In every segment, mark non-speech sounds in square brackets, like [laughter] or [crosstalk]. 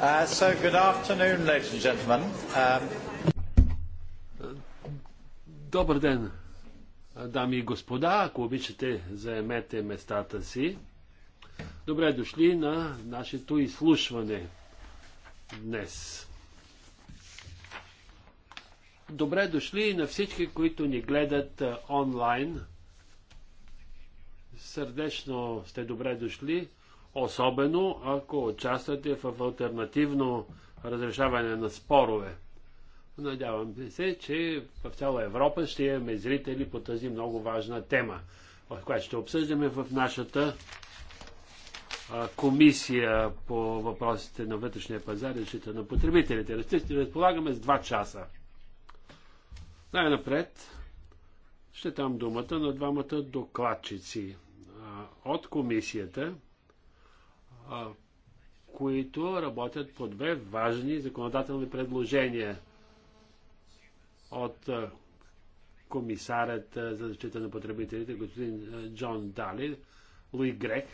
Uh, so good afternoon, ladies and gentlemen. Um... Добър ден, дами и господа, ако обичате, заемете местата си. Добре дошли на нашето изслушване днес. Добре дошли и на всички, които ни гледат онлайн. Сърдечно сте добре дошли особено ако участвате в альтернативно разрешаване на спорове. Надявам се, че в цяла Европа ще имаме зрители по тази много важна тема, в която ще обсъждаме в нашата комисия по въпросите на вътрешния пазар и защита на потребителите. Разполагаме с два часа. Най-напред ще дам думата на двамата докладчици от комисията – които работят по две важни законодателни предложения от комисарят за защита на потребителите, господин Джон Дали, Луи Грех,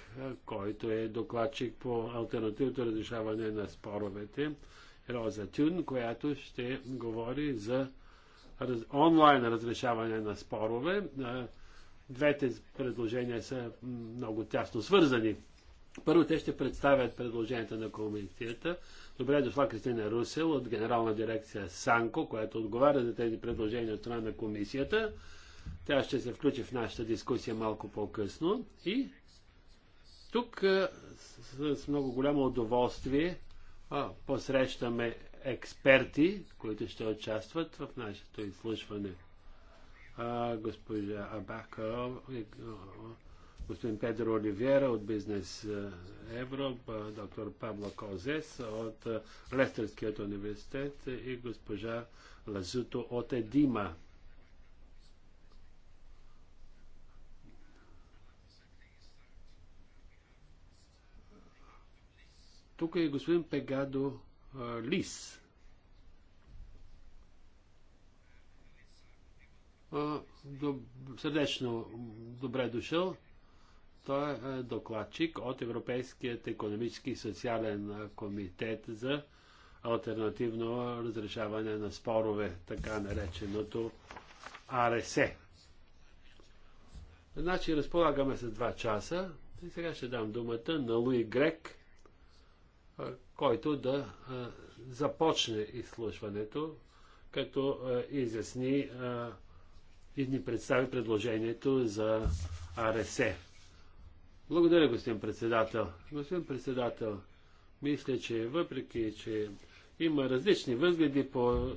който е докладчик по альтернативното разрешаване на споровете, Роза Тюн, която ще говори за онлайн разрешаване на спорове. Двете предложения са много тясно свързани. Първо те ще представят предложението на комисията. Добре дошла Кристина Русел от Генерална дирекция Санко, която отговаря за тези предложения от страна на комисията. Тя ще се включи в нашата дискусия малко по-късно. И тук е, с много голямо удоволствие посрещаме експерти, които ще участват в нашето изслушване. Госпожа Абака господин Педро Оливера от Бизнес е, Европа, доктор Пабло Козес от е, Лестерският университет и госпожа Лазуто от Едима. Тук е господин Пегадо е, Лис. Сърдечно добре дошъл. Той е докладчик от Европейският економически и социален комитет за альтернативно разрешаване на спорове, така нареченото АРС. Значи разполагаме с два часа и сега ще дам думата на Луи Грек, който да започне изслушването, като изясни и ни представи предложението за АРС. Благодаря, господин председател. Господин председател, мисля, че въпреки, че има различни възгледи по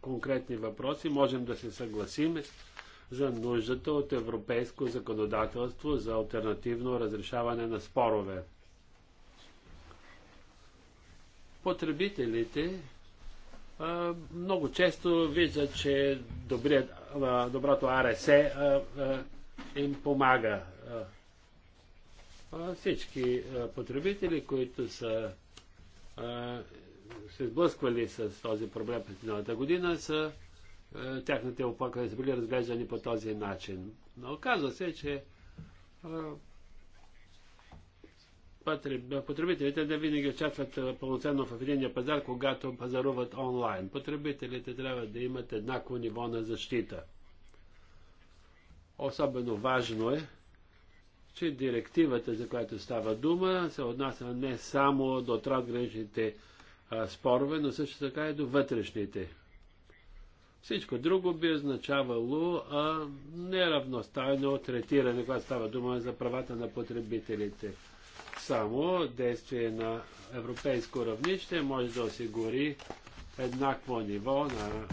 конкретни въпроси, можем да се съгласим за нуждата от европейско законодателство за альтернативно разрешаване на спорове. Потребителите много често виждат, че добрият, доброто АРС им помага всички потребители, които са се сблъсквали с този проблем през миналата година, са тяхните оплаквания са били разглеждани по този начин. Но оказва се, че потребителите не винаги участват пълноценно в единния пазар, когато пазаруват онлайн. Потребителите трябва да имат еднакво ниво на защита. Особено важно е че директивата, за която става дума, се отнася не само до трансграничните спорове, но също така и до вътрешните. Всичко друго би означавало а, неравностайно третиране, когато става дума за правата на потребителите. Само действие на европейско равнище може да осигури еднакво ниво на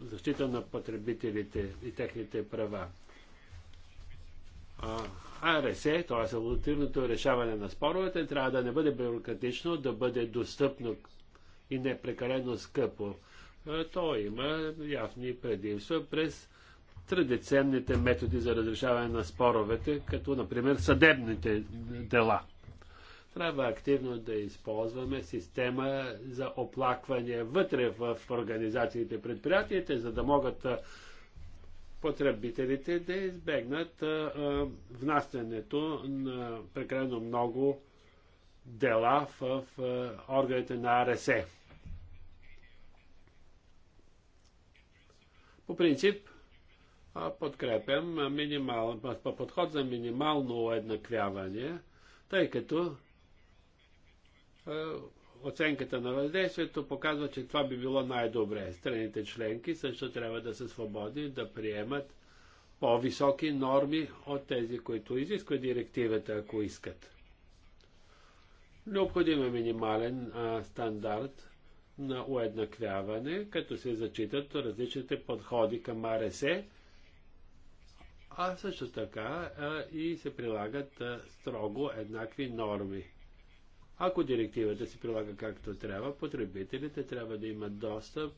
защита на потребителите и техните права. А, АРС, т.е. алтернативното решаване на споровете, трябва да не бъде бюрократично, да бъде достъпно и не прекалено скъпо. То има явни предимства през традиционните методи за разрешаване на споровете, като например съдебните дела. Трябва активно да използваме система за оплакване вътре в организациите предприятията, за да могат потребителите да избегнат внасянето на прекалено много дела в органите на АРС. По принцип, подкрепям минимал, подход за минимално уеднаквяване, тъй като оценката на въздействието показва, че това би било най-добре. Страните членки също трябва да са свободни да приемат по-високи норми от тези, които изисква директивата, ако искат. Необходим е минимален а, стандарт на уеднаквяване, като се зачитат различните подходи към АРСЕ, а също така а, и се прилагат а, строго еднакви норми. Ако директивата се прилага както трябва, потребителите трябва да имат достъп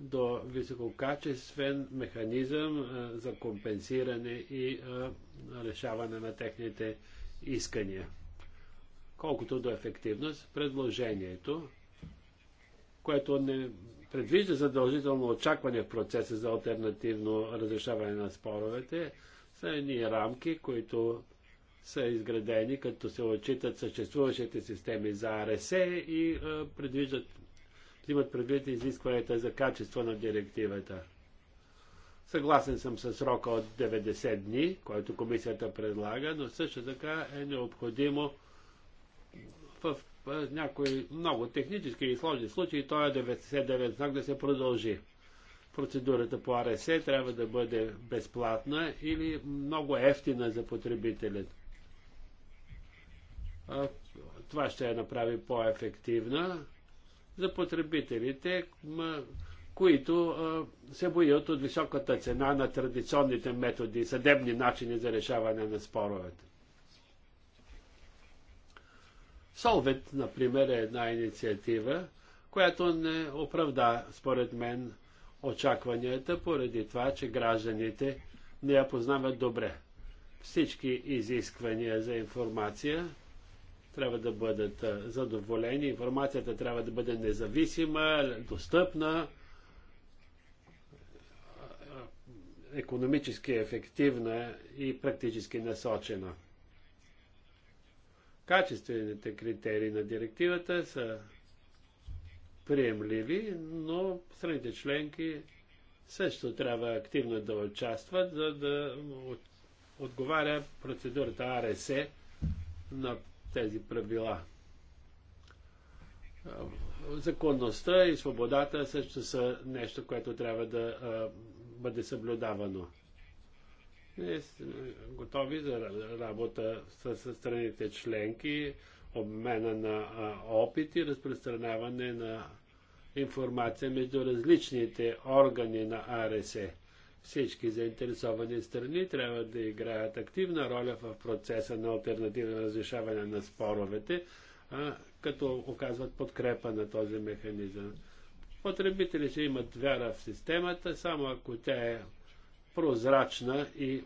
до висококачествен механизъм за компенсиране и решаване на техните искания. Колкото до ефективност, предложението, което не предвижда задължително очакване в процеса за альтернативно разрешаване на споровете, са едни рамки, които са изградени, като се отчитат съществуващите системи за АРС и е, предвиждат, имат предвид изискванията за качество на директивата. Съгласен съм с срока от 90 дни, който комисията предлага, но също така е необходимо в, е, някои много технически и сложни случаи е 99 знак да се продължи. Процедурата по АРС трябва да бъде безплатна или много ефтина за потребителят. Това ще я направи по-ефективна за потребителите, които се боят от високата цена на традиционните методи, съдебни начини за решаване на споровете. Солвет, например, е една инициатива, която не оправда, според мен, очакванията, поради това, че гражданите не я познават добре. Всички изисквания за информация трябва да бъдат задоволени, информацията трябва да бъде независима, достъпна, економически ефективна и практически насочена. Качествените критерии на директивата са приемливи, но страните членки също трябва активно да участват, за да отговаря процедурата АРСЕ на тези правила. Законността и свободата също са нещо, което трябва да бъде съблюдавано. Ние сме готови за работа с страните членки, обмена на опити, разпространяване на информация между различните органи на АРСЕ. Всички заинтересовани страни трябва да играят активна роля в процеса на альтернативно разрешаване на споровете, а, като оказват подкрепа на този механизъм. Потребители ще имат вяра в системата, само ако тя е прозрачна и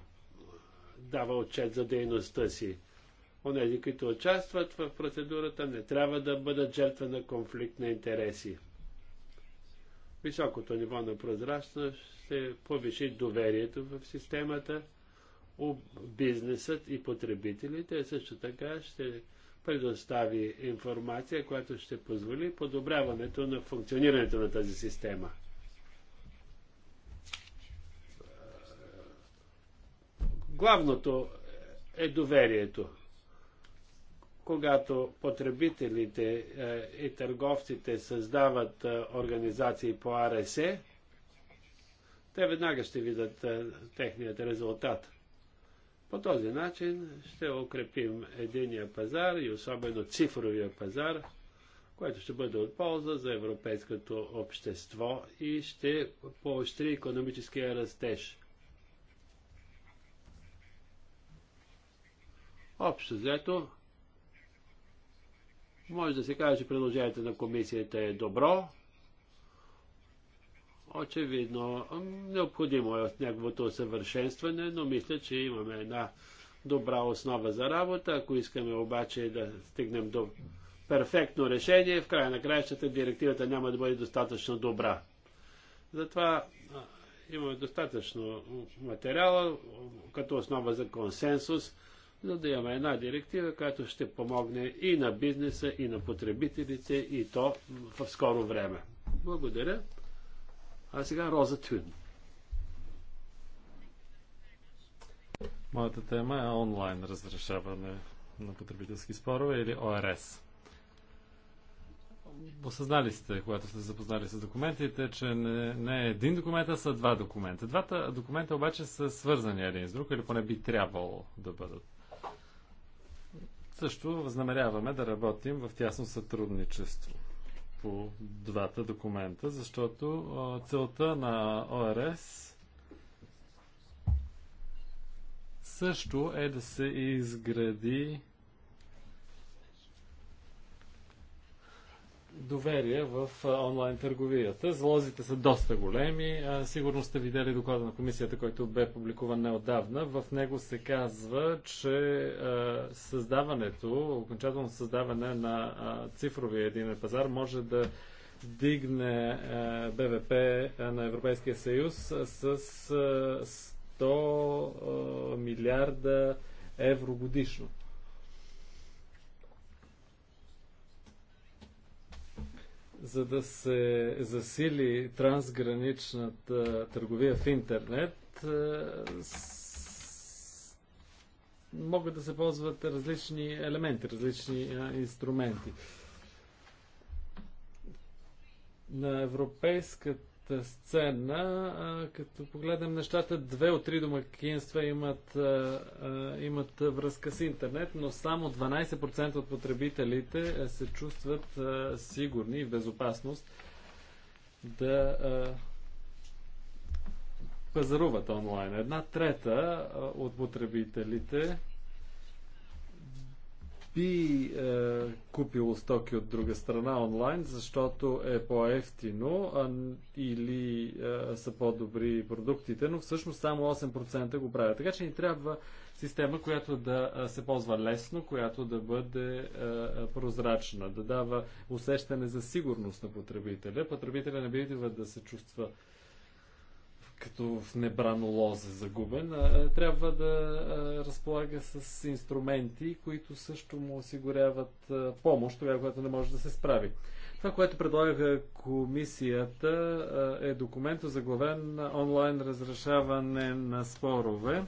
дава отчет за дейността си. Онези, които участват в процедурата, не трябва да бъдат жертва на конфликт на интереси. Високото ниво на прозрачност ще повиши доверието в системата, бизнесът и потребителите, също така ще предостави информация, която ще позволи подобряването на функционирането на тази система. Главното е доверието когато потребителите е, и търговците създават е, организации по АРСЕ, те веднага ще видят е, техният резултат. По този начин ще укрепим единия пазар и особено цифровия пазар, което ще бъде от полза за европейското общество и ще поощри економическия растеж. Общо взето, може да се каже, че предложението на комисията е добро. Очевидно, необходимо е неговото съвършенстване, но мисля, че имаме една добра основа за работа. Ако искаме обаче да стигнем до перфектно решение, в края на краищата директивата няма да бъде достатъчно добра. Затова имаме достатъчно материала като основа за консенсус за да имаме една директива, която ще помогне и на бизнеса, и на потребителите, и то в скоро време. Благодаря. А сега Роза Тюн. Моята тема е онлайн разрешаване на потребителски спорове или ОРС. Осъзнали сте, когато сте запознали с документите, че не, не е един документ, а са два документа. Двата документа обаче са свързани един с друг, или поне би трябвало да бъдат също възнамеряваме да работим в тясно сътрудничество по двата документа, защото целта на ОРС също е да се изгради доверие в онлайн търговията. Залозите са доста големи. Сигурно сте видели доклада на комисията, който бе публикуван неодавна. В него се казва, че създаването, окончателно създаване на цифровия един пазар може да дигне БВП на Европейския съюз с 100 милиарда евро годишно. за да се засили трансграничната търговия в интернет, е, могат да се ползват различни елементи, различни инструменти. На европейската сцена, а, като погледнем нещата, две от три домакинства имат, а, имат връзка с интернет, но само 12% от потребителите е, се чувстват а, сигурни и в безопасност да а, пазаруват онлайн. Една трета от потребителите би е, купило стоки от друга страна онлайн, защото е по-ефтино или е, са по-добри продуктите, но всъщност само 8% го правят. Така че ни трябва система, която да е, се ползва лесно, която да бъде е, е, прозрачна, да дава усещане за сигурност на потребителя. Потребителя не би да се чувства като в небрано лозе загубен, трябва да разполага с инструменти, които също му осигуряват помощ, тогава, когато не може да се справи. Това, което предлага комисията е документ заглавен онлайн разрешаване на спорове.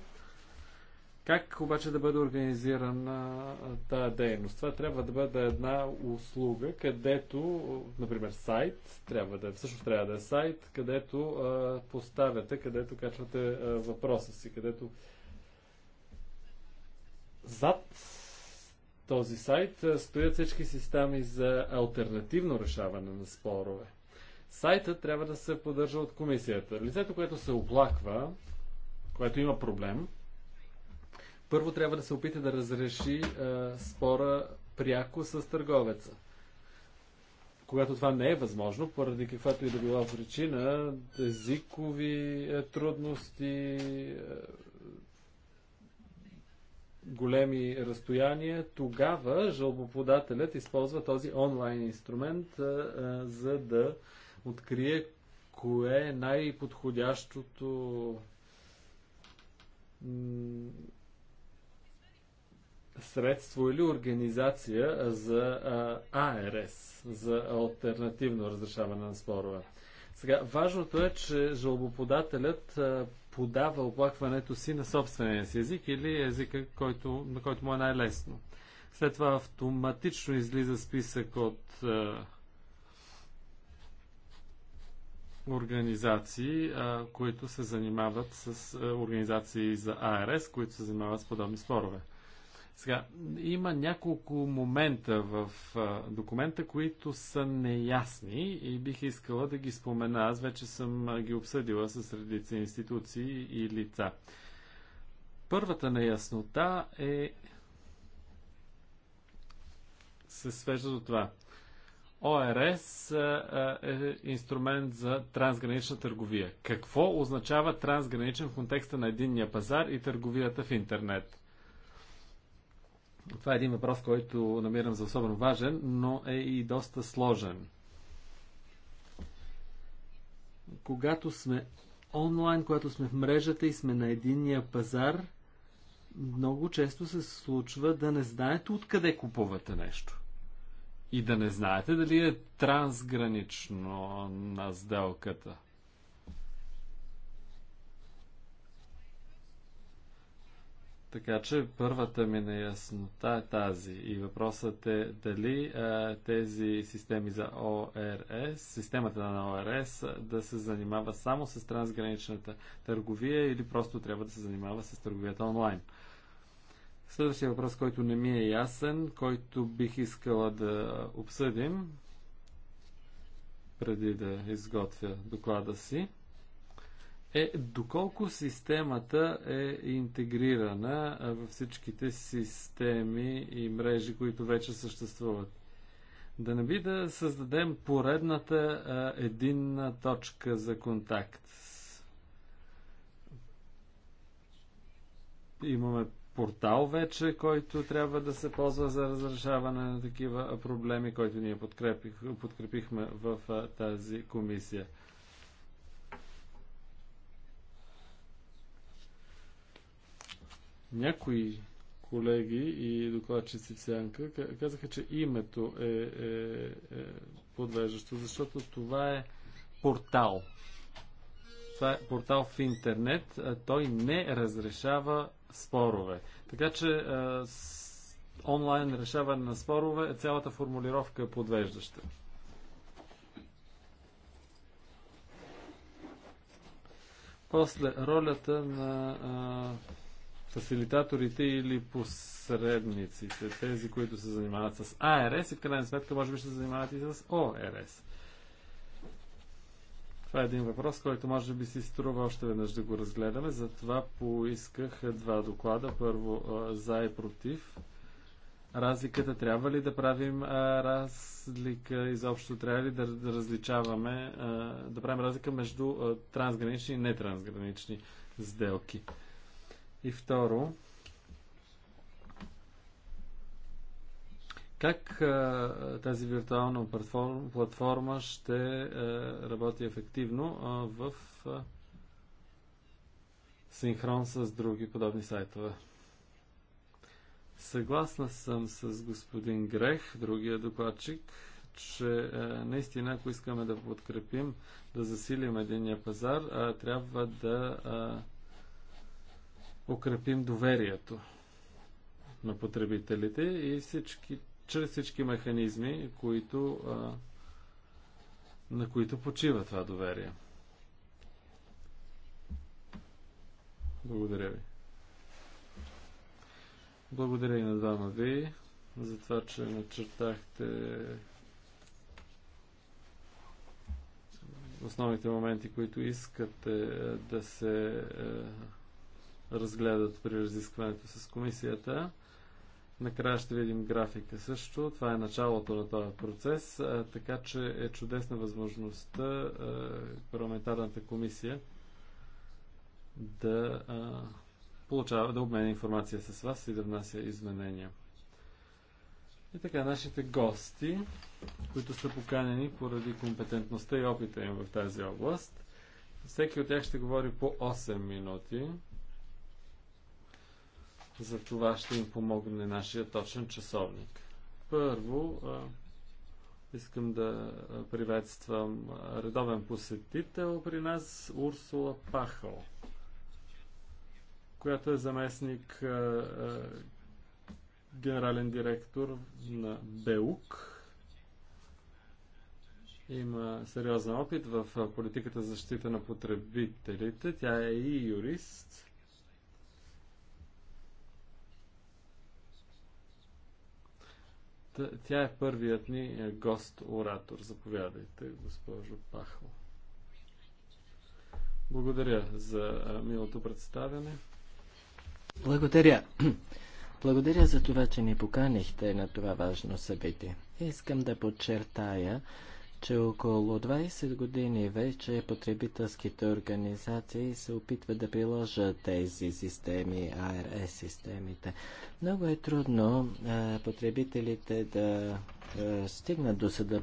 Как обаче да бъде организирана тази дейност? Това трябва да бъде една услуга, където, например, сайт, трябва да е, всъщност трябва да е сайт, където а, поставяте, където качвате а, въпроса си, където зад този сайт стоят всички системи за альтернативно решаване на спорове. Сайтът трябва да се поддържа от комисията. Лицето, което се оплаква, което има проблем, първо трябва да се опита да разреши а, е, спора пряко с търговеца. Когато това не е възможно, поради каквато и да била причина, езикови е, трудности, е, големи разстояния, тогава жалбоподателят използва този онлайн инструмент, за да открие кое е най-подходящото средство или организация за АРС, за альтернативно разрешаване на спорове. Сега, важното е, че жалбоподателят подава оплакването си на собствения си език или езика, който, на който му е най-лесно. След това автоматично излиза списък от а, организации, а, които се занимават с а, организации за АРС, които се занимават с подобни спорове. Сега, има няколко момента в а, документа, които са неясни и бих искала да ги спомена. Аз вече съм а, ги обсъдила с редица институции и лица. Първата неяснота е се свежда до това. ОРС а, е инструмент за трансгранична търговия. Какво означава трансграничен в контекста на единния пазар и търговията в интернет? Това е един въпрос, който намирам за особено важен, но е и доста сложен. Когато сме онлайн, когато сме в мрежата и сме на единния пазар, много често се случва да не знаете откъде купувате нещо. И да не знаете дали е трансгранично на сделката. Така че първата ми неяснота е тази. И въпросът е дали а, е, тези системи за ОРС, системата на ОРС е, да се занимава само с трансграничната търговия или просто трябва да се занимава с търговията онлайн. Следващия въпрос, който не ми е ясен, който бих искала да обсъдим преди да изготвя доклада си е доколко системата е интегрирана във всичките системи и мрежи, които вече съществуват. Да не би да създадем поредната а, единна точка за контакт. Имаме портал вече, който трябва да се ползва за разрешаване на такива проблеми, който ние подкрепих, подкрепихме в а, тази комисия. Някои колеги и докладчици Сянка казаха, че името е, е, е подвеждащо, защото това е портал. Това е портал в интернет. А той не разрешава спорове. Така че е, онлайн решаване на спорове е цялата формулировка е подвеждаща. После ролята на фасилитаторите или посредниците, тези, които се занимават с АРС и в крайна сметка може би ще се занимават и с ОРС. Това е един въпрос, който може би си струва още веднъж да го разгледаме. Затова поисках два доклада. Първо за и против. Разликата трябва ли да правим а, разлика изобщо? Трябва ли да, да различаваме, а, да правим разлика между а, трансгранични и нетрансгранични сделки? И второ, Как а, тази виртуална платформа ще а, работи ефективно а, в а, синхрон с други подобни сайтове? Съгласна съм с господин Грех, другия докладчик, че а, наистина, ако искаме да подкрепим, да засилим единния пазар, а, трябва да. А, укрепим доверието на потребителите и всички, чрез всички механизми, които, а, на които почива това доверие. Благодаря ви. Благодаря и на двама ви за това, че начертахте основните моменти, които искате да се разгледат при разискването с комисията. Накрая ще видим графика също. Това е началото на този процес, така че е чудесна възможността парламентарната комисия да получава, да обменя информация с вас и да внася изменения. И така, нашите гости, които са поканени поради компетентността и опита им в тази област, всеки от тях ще говори по 8 минути. За това ще им помогне нашия точен часовник. Първо, искам да приветствам редовен посетител при нас Урсула Пахал, която е заместник генерален директор на БЕУК. Има сериозен опит в политиката за защита на потребителите. Тя е и юрист Тя е първият ни е, гост-оратор. Заповядайте, госпожо Пахо. Благодаря за е, милото представяне. Благодаря. [clears throat] Благодаря за това, че ни поканихте на това важно събитие. Искам да подчертая, че около 20 години вече потребителските организации се опитват да приложат тези системи, АРС системите. Много е трудно а, потребителите да а, стигнат до съда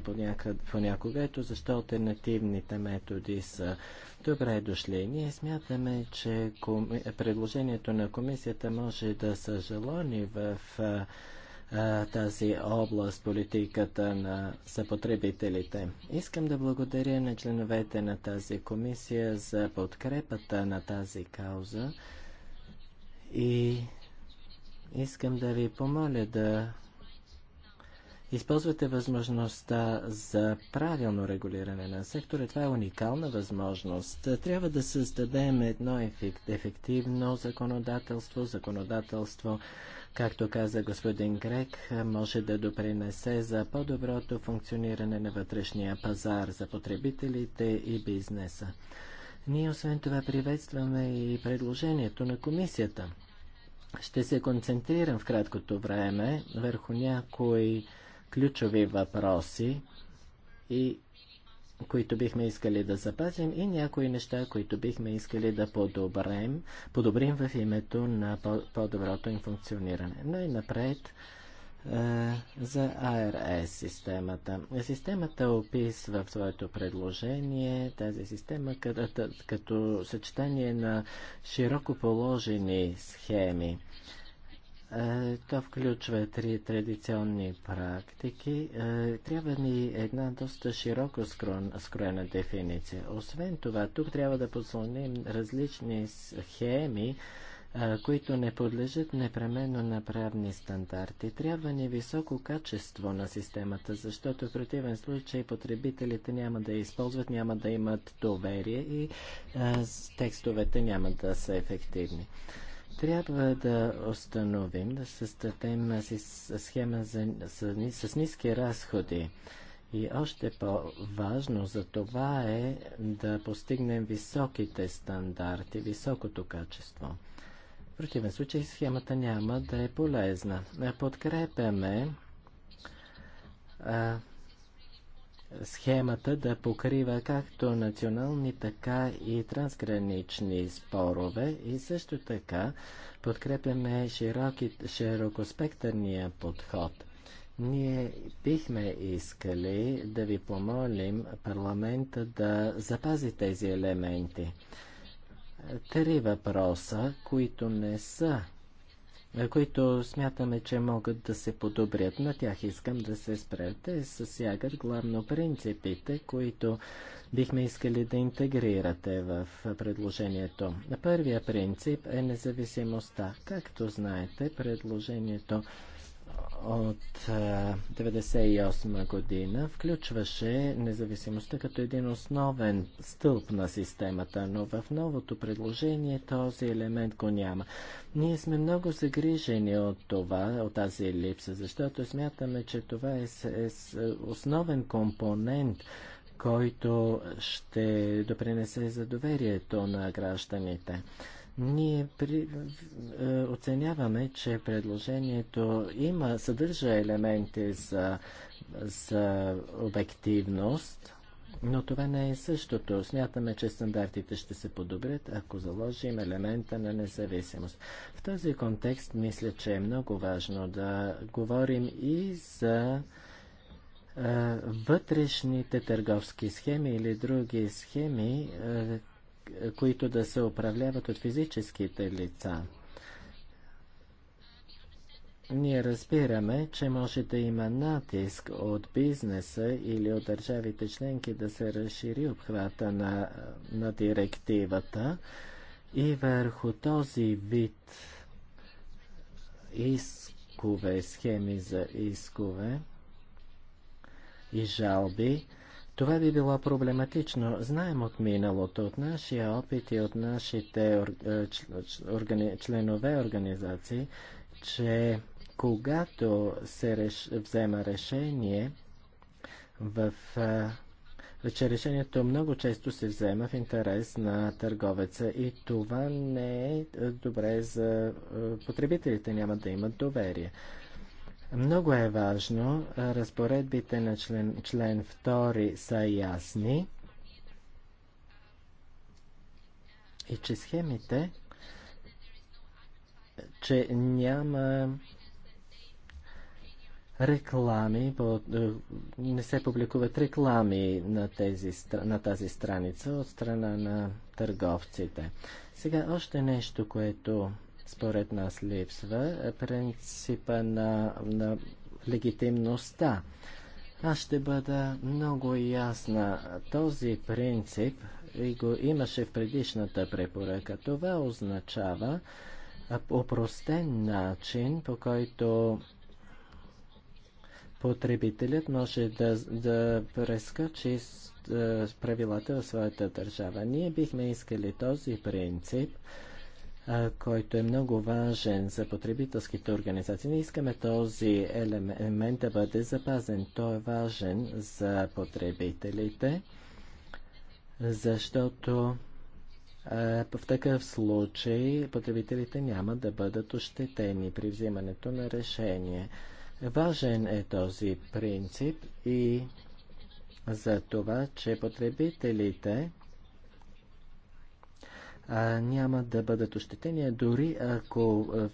понякога, ето защо альтернативните методи са добре дошли. Ние смятаме, че коми... предложението на комисията може да са жалони в а, тази област, политиката на съпотребителите. Искам да благодаря на членовете на тази комисия за подкрепата на тази кауза и искам да ви помоля да използвате възможността за правилно регулиране на сектора. Това е уникална възможност. Трябва да създадем едно ефективно законодателство, законодателство както каза господин Грек, може да допринесе за по-доброто функциониране на вътрешния пазар за потребителите и бизнеса. Ние освен това приветстваме и предложението на комисията. Ще се концентрирам в краткото време върху някои ключови въпроси и които бихме искали да запазим и някои неща, които бихме искали да подобрем, подобрим в името на по-доброто им функциониране. Най-напред е, за ARS системата. Системата описва в своето предложение тази система като, като съчетание на широко положени схеми. Е, е, то включва три традиционни практики. Е, трябва ни една доста широко скроена дефиниция. Освен това, тук трябва да послоним различни схеми, е, които не подлежат непременно на правни стандарти. Трябва ни високо качество на системата, защото в противен случай потребителите няма да използват, няма да имат доверие и текстовете няма да са ефективни. Трябва да установим, да създадем схема за, с, с ниски разходи. И още по-важно за това е да постигнем високите стандарти, високото качество. В противен случай схемата няма да е полезна. Подкрепяме а, схемата да покрива както национални, така и трансгранични спорове и също така подкрепяме широки, широкоспектърния подход. Ние бихме искали да ви помолим парламента да запази тези елементи. Три въпроса, които не са които смятаме, че могат да се подобрят. На тях искам да се спрете и съсягат главно принципите, които бихме искали да интегрирате в предложението. Първия принцип е независимостта. Както знаете, предложението от 1998 година включваше независимостта като един основен стълб на системата, но в новото предложение този елемент го няма. Ние сме много загрижени от това, от тази липса, защото смятаме, че това е, е основен компонент, който ще допринесе за доверието на гражданите. Ние при, е, оценяваме, че предложението има, съдържа елементи за, за обективност, но това не е същото. Смятаме, че стандартите ще се подобрят, ако заложим елемента на независимост. В този контекст мисля, че е много важно да говорим и за е, вътрешните търговски схеми или други схеми, е, които да се управляват от физическите лица. Ние разбираме, че може да има натиск от бизнеса или от държавите членки да се разшири обхвата на, на директивата и върху този вид искове, схеми за искове и жалби това би било проблематично. Знаем от миналото, от нашия опит и от нашите е, членове организации, че когато се реш... взема решение в е, че решението много често се взема в интерес на търговеца и това не е, е добре за потребителите, няма да имат доверие. Много е важно, разпоредбите на член, член 2 са ясни и че схемите, че няма реклами, по, е, не се публикуват реклами на, тези, на тази страница от страна на търговците. Сега още нещо, което според нас липсва е принципа на, на легитимността. Аз ще бъда много ясна. Този принцип и го имаше в предишната препоръка. Това означава опростен начин, по който потребителят може да, да прескачи правилата в своята държава. Ние бихме искали този принцип който е много важен за потребителските организации. Не искаме този елемент да бъде запазен. Той е важен за потребителите, защото в такъв случай потребителите няма да бъдат ощетени при взимането на решение. Важен е този принцип и за това, че потребителите а, няма да бъдат ощетени, дори ако а,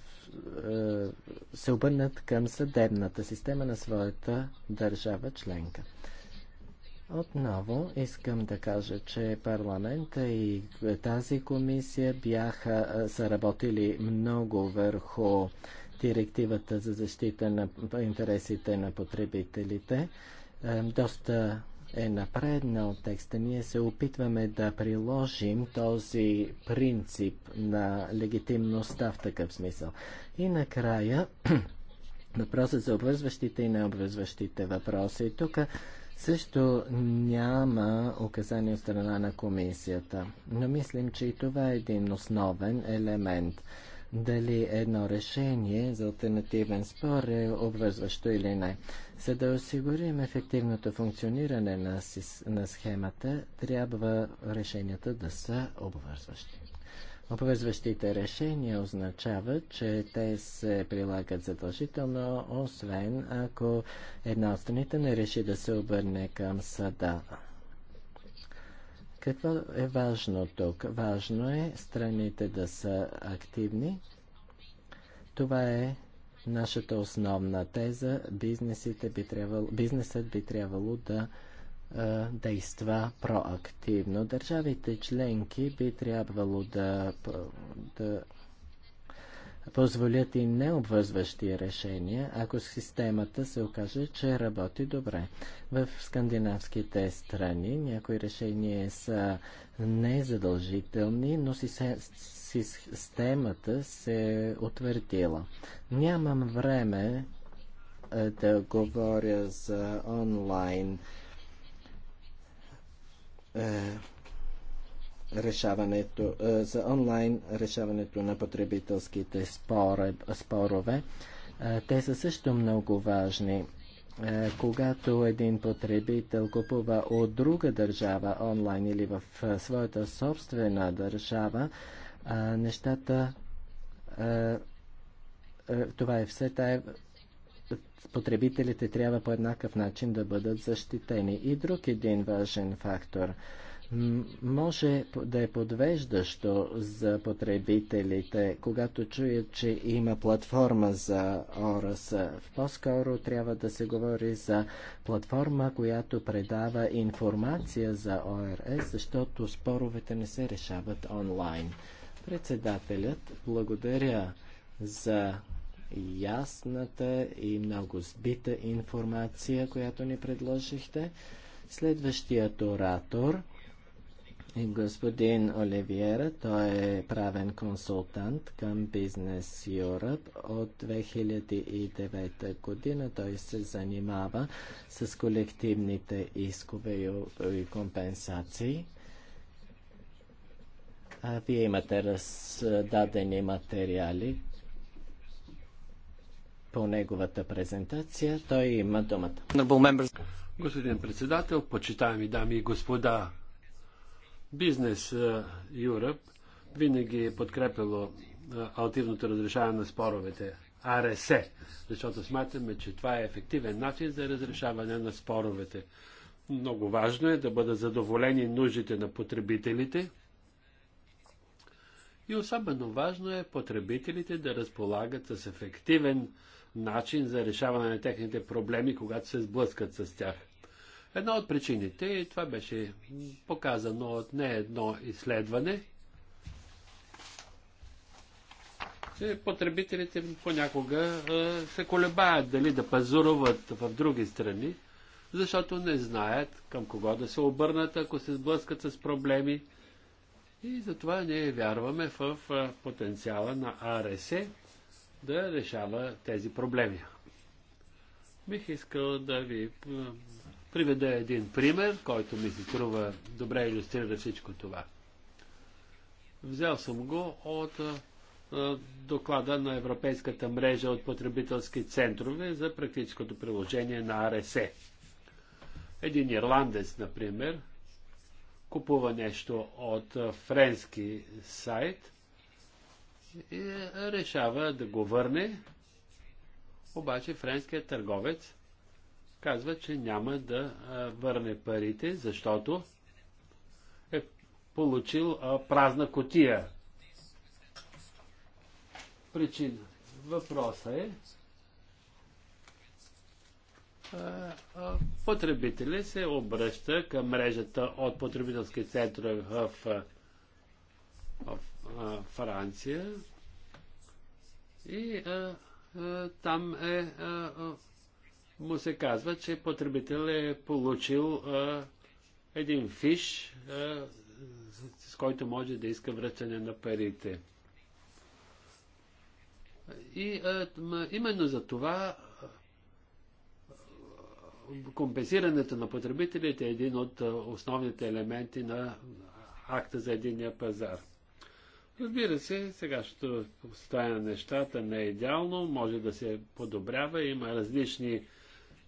а, се обърнат към съдебната система на своята държава членка. Отново искам да кажа, че парламента и тази комисия бяха, са работили много върху директивата за защита на интересите на потребителите. Доста е напреднал текста. Ние се опитваме да приложим този принцип на легитимността в такъв смисъл. И накрая, [clears throat] въпросът за обвързващите и необвързващите въпроси. Тук също няма указания от страна на комисията, но мислим, че и това е един основен елемент. Дали едно решение за альтернативен спор е обвързващо или не. За да осигурим ефективното функциониране на, на схемата, трябва решенията да са обвързващи. Обвързващите решения означават, че те се прилагат задължително, освен ако една от страните не реши да се обърне към съда. Какво е важно тук? Важно е страните да са активни. Това е нашата основна теза бизнесите би трябвало, бизнесът би трябвало да а, действа проактивно. Държавите членки би трябвало да, да позволят и необвързващи решения, ако системата се окаже, че работи добре. В скандинавските страни някои решения са незадължителни, но си се системата се е утвърдила. Нямам време да говоря за онлайн е, решаването, е, за онлайн решаването на потребителските спорове. Е, те са също много важни. Когато един потребител купува от друга държава онлайн или в своята собствена държава, а, нещата. А, това е все. Тая, потребителите трябва по еднакъв начин да бъдат защитени. И друг един важен фактор. Може да е подвеждащо за потребителите, когато чуят, че има платформа за ОРС. По-скоро трябва да се говори за платформа, която предава информация за ОРС, защото споровете не се решават онлайн. Председателят благодаря за ясната и много сбита информация, която ни предложихте. Следващият оратор е господин Оливиера. Той е правен консултант към Business Europe от 2009 година. Той се занимава с колективните искове и компенсации. Вие имате раздадени материали по неговата презентация. Той има думата. Господин председател, почитаеми дами и господа, Бизнес Юръп винаги е подкрепило алтивното разрешаване на споровете. АРС, защото смятаме, че това е ефективен начин за разрешаване на споровете. Много важно е да бъдат задоволени нуждите на потребителите и особено важно е потребителите да разполагат с ефективен начин за решаване на техните проблеми, когато се сблъскат с тях. Една от причините, и това беше показано от не едно изследване, че потребителите понякога е, се колебаят дали да пазуруват в други страни, защото не знаят към кого да се обърнат, ако се сблъскат с проблеми и затова ние вярваме в потенциала на АРС да решава тези проблеми. Бих искал да ви приведа един пример, който ми се струва добре иллюстрира всичко това. Взял съм го от доклада на Европейската мрежа от потребителски центрове за практическото приложение на АРС. Един ирландец, например, купува нещо от френски сайт и решава да го върне, обаче френският търговец казва, че няма да върне парите, защото е получил празна котия. Причина. Въпросът е, е, е, Потребители се обръща към мрежата от потребителски центрове в, е, в, в Франция и а, а, там е, а, му се казва, че потребител е получил един фиш, с който може да иска връщане на парите. И именно за това компенсирането на потребителите е един от основните елементи на акта за единния пазар. Разбира се, сегашното състояние на нещата не е идеално, може да се подобрява. Има различни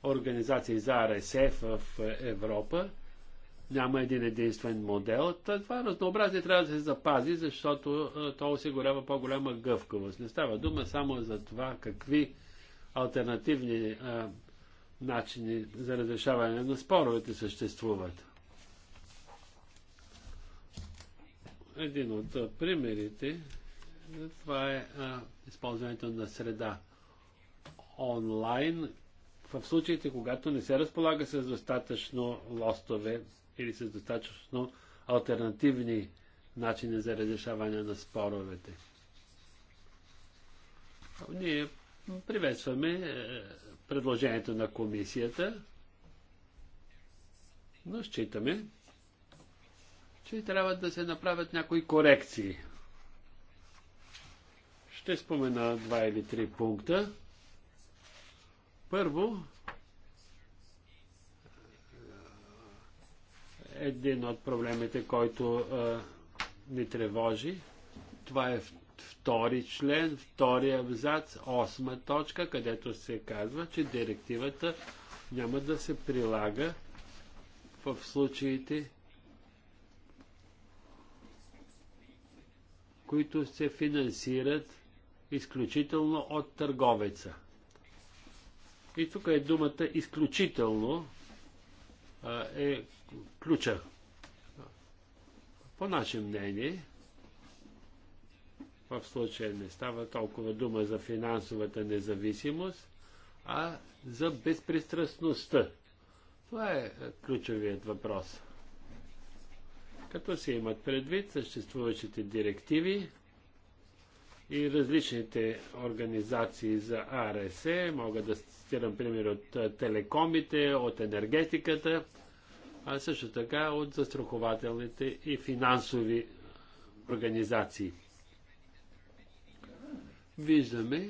организации за РСФ в Европа. Няма един единствен модел. Това разнообразие трябва да се запази, защото то осигурява по-голяма гъвкавост. Не става дума само за това какви альтернативни а, начини за разрешаване на споровете съществуват. Един от примерите това е а, използването на среда онлайн в случаите, когато не се разполага с достатъчно лостове или с достатъчно альтернативни начини за разрешаване на споровете. Ние приветстваме предложението на комисията, но считаме, че трябва да се направят някои корекции. Ще спомена два или три пункта. Първо, един от проблемите, който а, ни тревожи, това е втори член, втори абзац, осма точка, където се казва, че директивата няма да се прилага в случаите, които се финансират изключително от търговеца. И тук е думата изключително е ключа. По наше мнение, в случая не става толкова дума за финансовата независимост, а за безпристрастността. Това е, е ключовият въпрос. Като се имат предвид съществуващите директиви и различните организации за АРС, мога да цитирам пример от е, телекомите, от енергетиката, а също така от застрахователните и финансови организации – виждаме,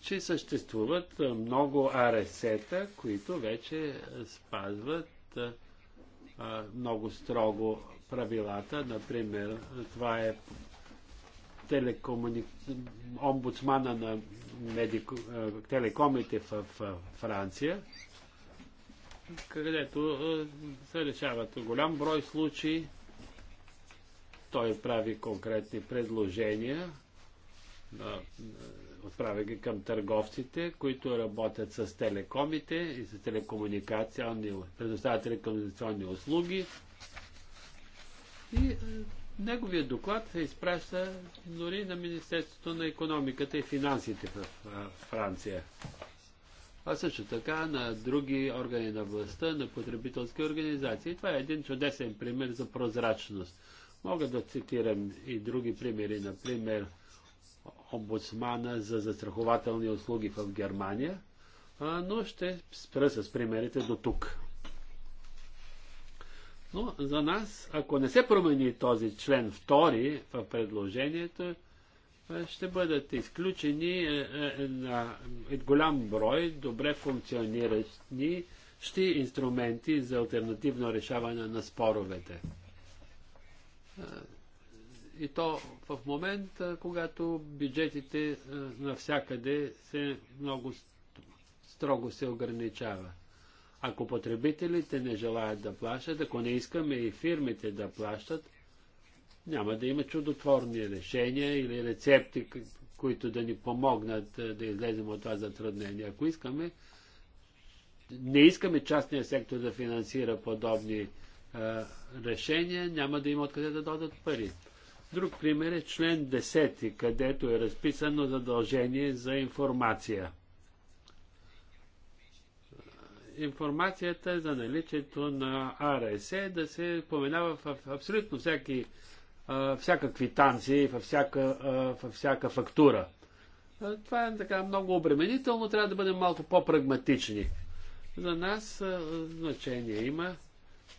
че съществуват много аресета, които вече спазват много строго правилата. Например, това е телекомуни... омбудсмана на медико... телекомите в Франция, където се решават голям брой случаи. Той прави конкретни предложения отправя ги към търговците, които работят с телекомите и с телекомуникационни предоставят телекомуникационни услуги. И е, неговия доклад се изпраща дори на Министерството на економиката и финансите в Франция. А също така на други органи на властта, на потребителски организации. Това е един чудесен пример за прозрачност. Мога да цитирам и други примери. Например, омбудсмана за застрахователни услуги в Германия, но ще спра с примерите до тук. Но за нас, ако не се промени този член 2 в предложението, ще бъдат изключени е, е, на е, голям брой добре функциониращи инструменти за альтернативно решаване на споровете и то в момент, когато бюджетите е, навсякъде се много строго се ограничава. Ако потребителите не желаят да плащат, ако не искаме и фирмите да плащат, няма да има чудотворни решения или рецепти, които да ни помогнат е, да излезем от това затруднение. Ако искаме, не искаме частния сектор да финансира подобни а, е, решения, няма да има откъде да додат пари. Друг пример е член 10, където е разписано задължение за информация. Информацията за наличието на АРС е да се споменава в абсолютно всяки, всяка квитанция, във всяка, във всяка фактура. Това е така много обременително, трябва да бъдем малко по-прагматични. За нас значение има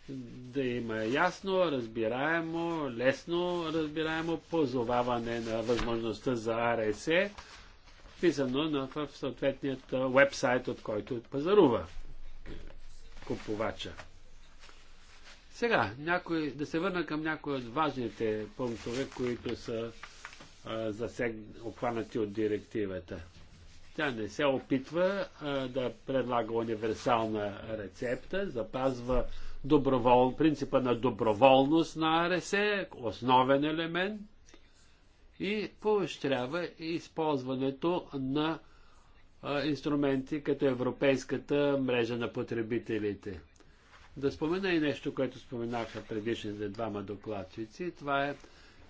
да има ясно, разбираемо, лесно разбираемо позоваване на възможността за АРС, вписано в съответният вебсайт, от който пазарува купувача. Сега, някой, да се върна към някои от важните пунктове, които са а, засег... обхванати от директивата. Тя не се опитва а, да предлага универсална рецепта, запазва добровол, принципа на доброволност на АРСЕ, основен елемент и поощрява използването на а, инструменти като Европейската мрежа на потребителите. Да спомена и нещо, което споменаха предишните двама докладчици. Това е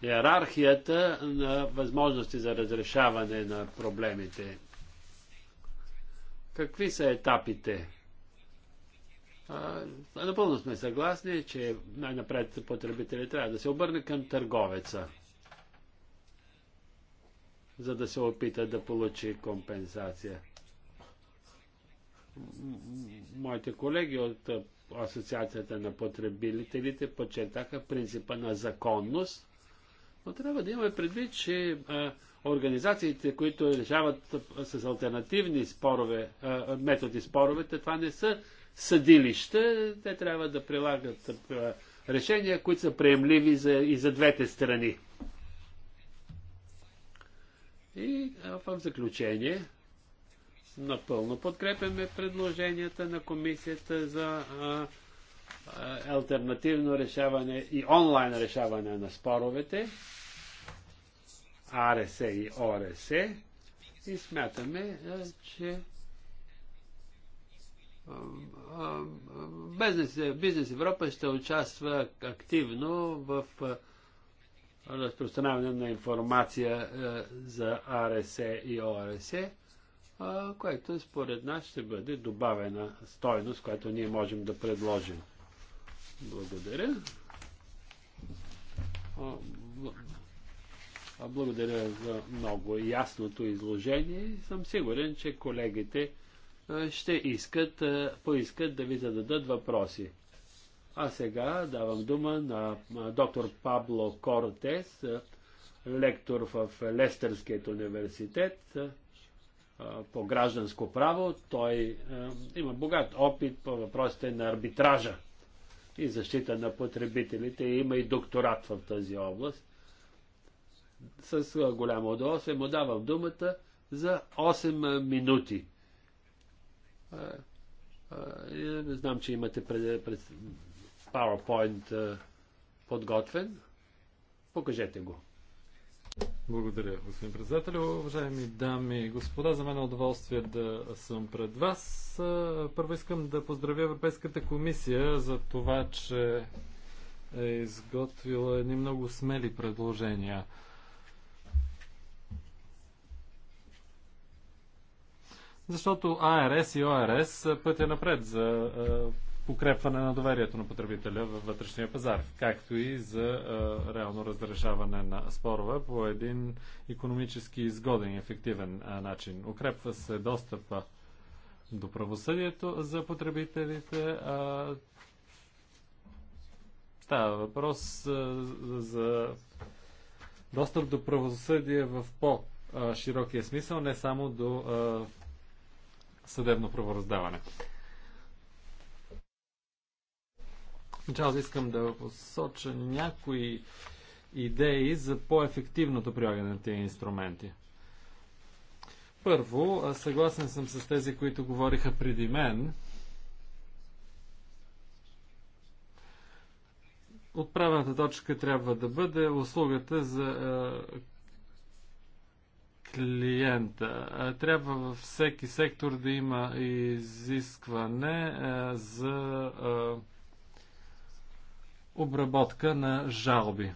иерархията на възможности за разрешаване на проблемите. Какви са етапите? А, напълно сме съгласни, че най-напред потребителят трябва да се обърне към търговеца, за да се опита да получи компенсация. Моите колеги от Асоциацията на потребителите подчертаха принципа на законност, но трябва да имаме предвид, че а, организациите, които решават с альтернативни спорове, а, методи споровете, това не са съдилища, те трябва да прилагат е, решения, които са приемливи за, и за двете страни. И в заключение, напълно подкрепяме предложенията на комисията за а, а, альтернативно решаване и онлайн решаване на споровете, АРС и ОРС. И смятаме, а, че Бизнес, бизнес Европа ще участва активно в разпространяване на информация за АРС и ОРС, което според нас ще бъде добавена стойност, която ние можем да предложим. Благодаря. Благодаря за много ясното изложение. и Съм сигурен, че колегите ще искат, поискат да ви зададат въпроси. А сега давам дума на доктор Пабло Кортес, лектор в Лестерският университет по гражданско право. Той има богат опит по въпросите на арбитража и защита на потребителите. Има и докторат в тази област. С голямо удоволствие му давам думата за 8 минути. Знам, че имате пред, пред PowerPoint подготвен. Покажете го. Благодаря, господин председател. Уважаеми дами и господа, за мен е удоволствие да съм пред вас. Първо искам да поздравя Европейската комисия за това, че е изготвила едни много смели предложения. Защото АРС и ОРС са пътя напред за покрепване на доверието на потребителя във вътрешния пазар, както и за реално разрешаване на спорове по един економически изгоден и ефективен начин. Укрепва се достъпа до правосъдието за потребителите. Става въпрос за достъп до правосъдие в по-широкия смисъл, не само до съдебно правораздаване. Началото искам да посоча някои идеи за по-ефективното прилагане на тези инструменти. Първо, съгласен съм с тези, които говориха преди мен. Отправната точка трябва да бъде услугата за клиента. Трябва във всеки сектор да има изискване за обработка на жалби.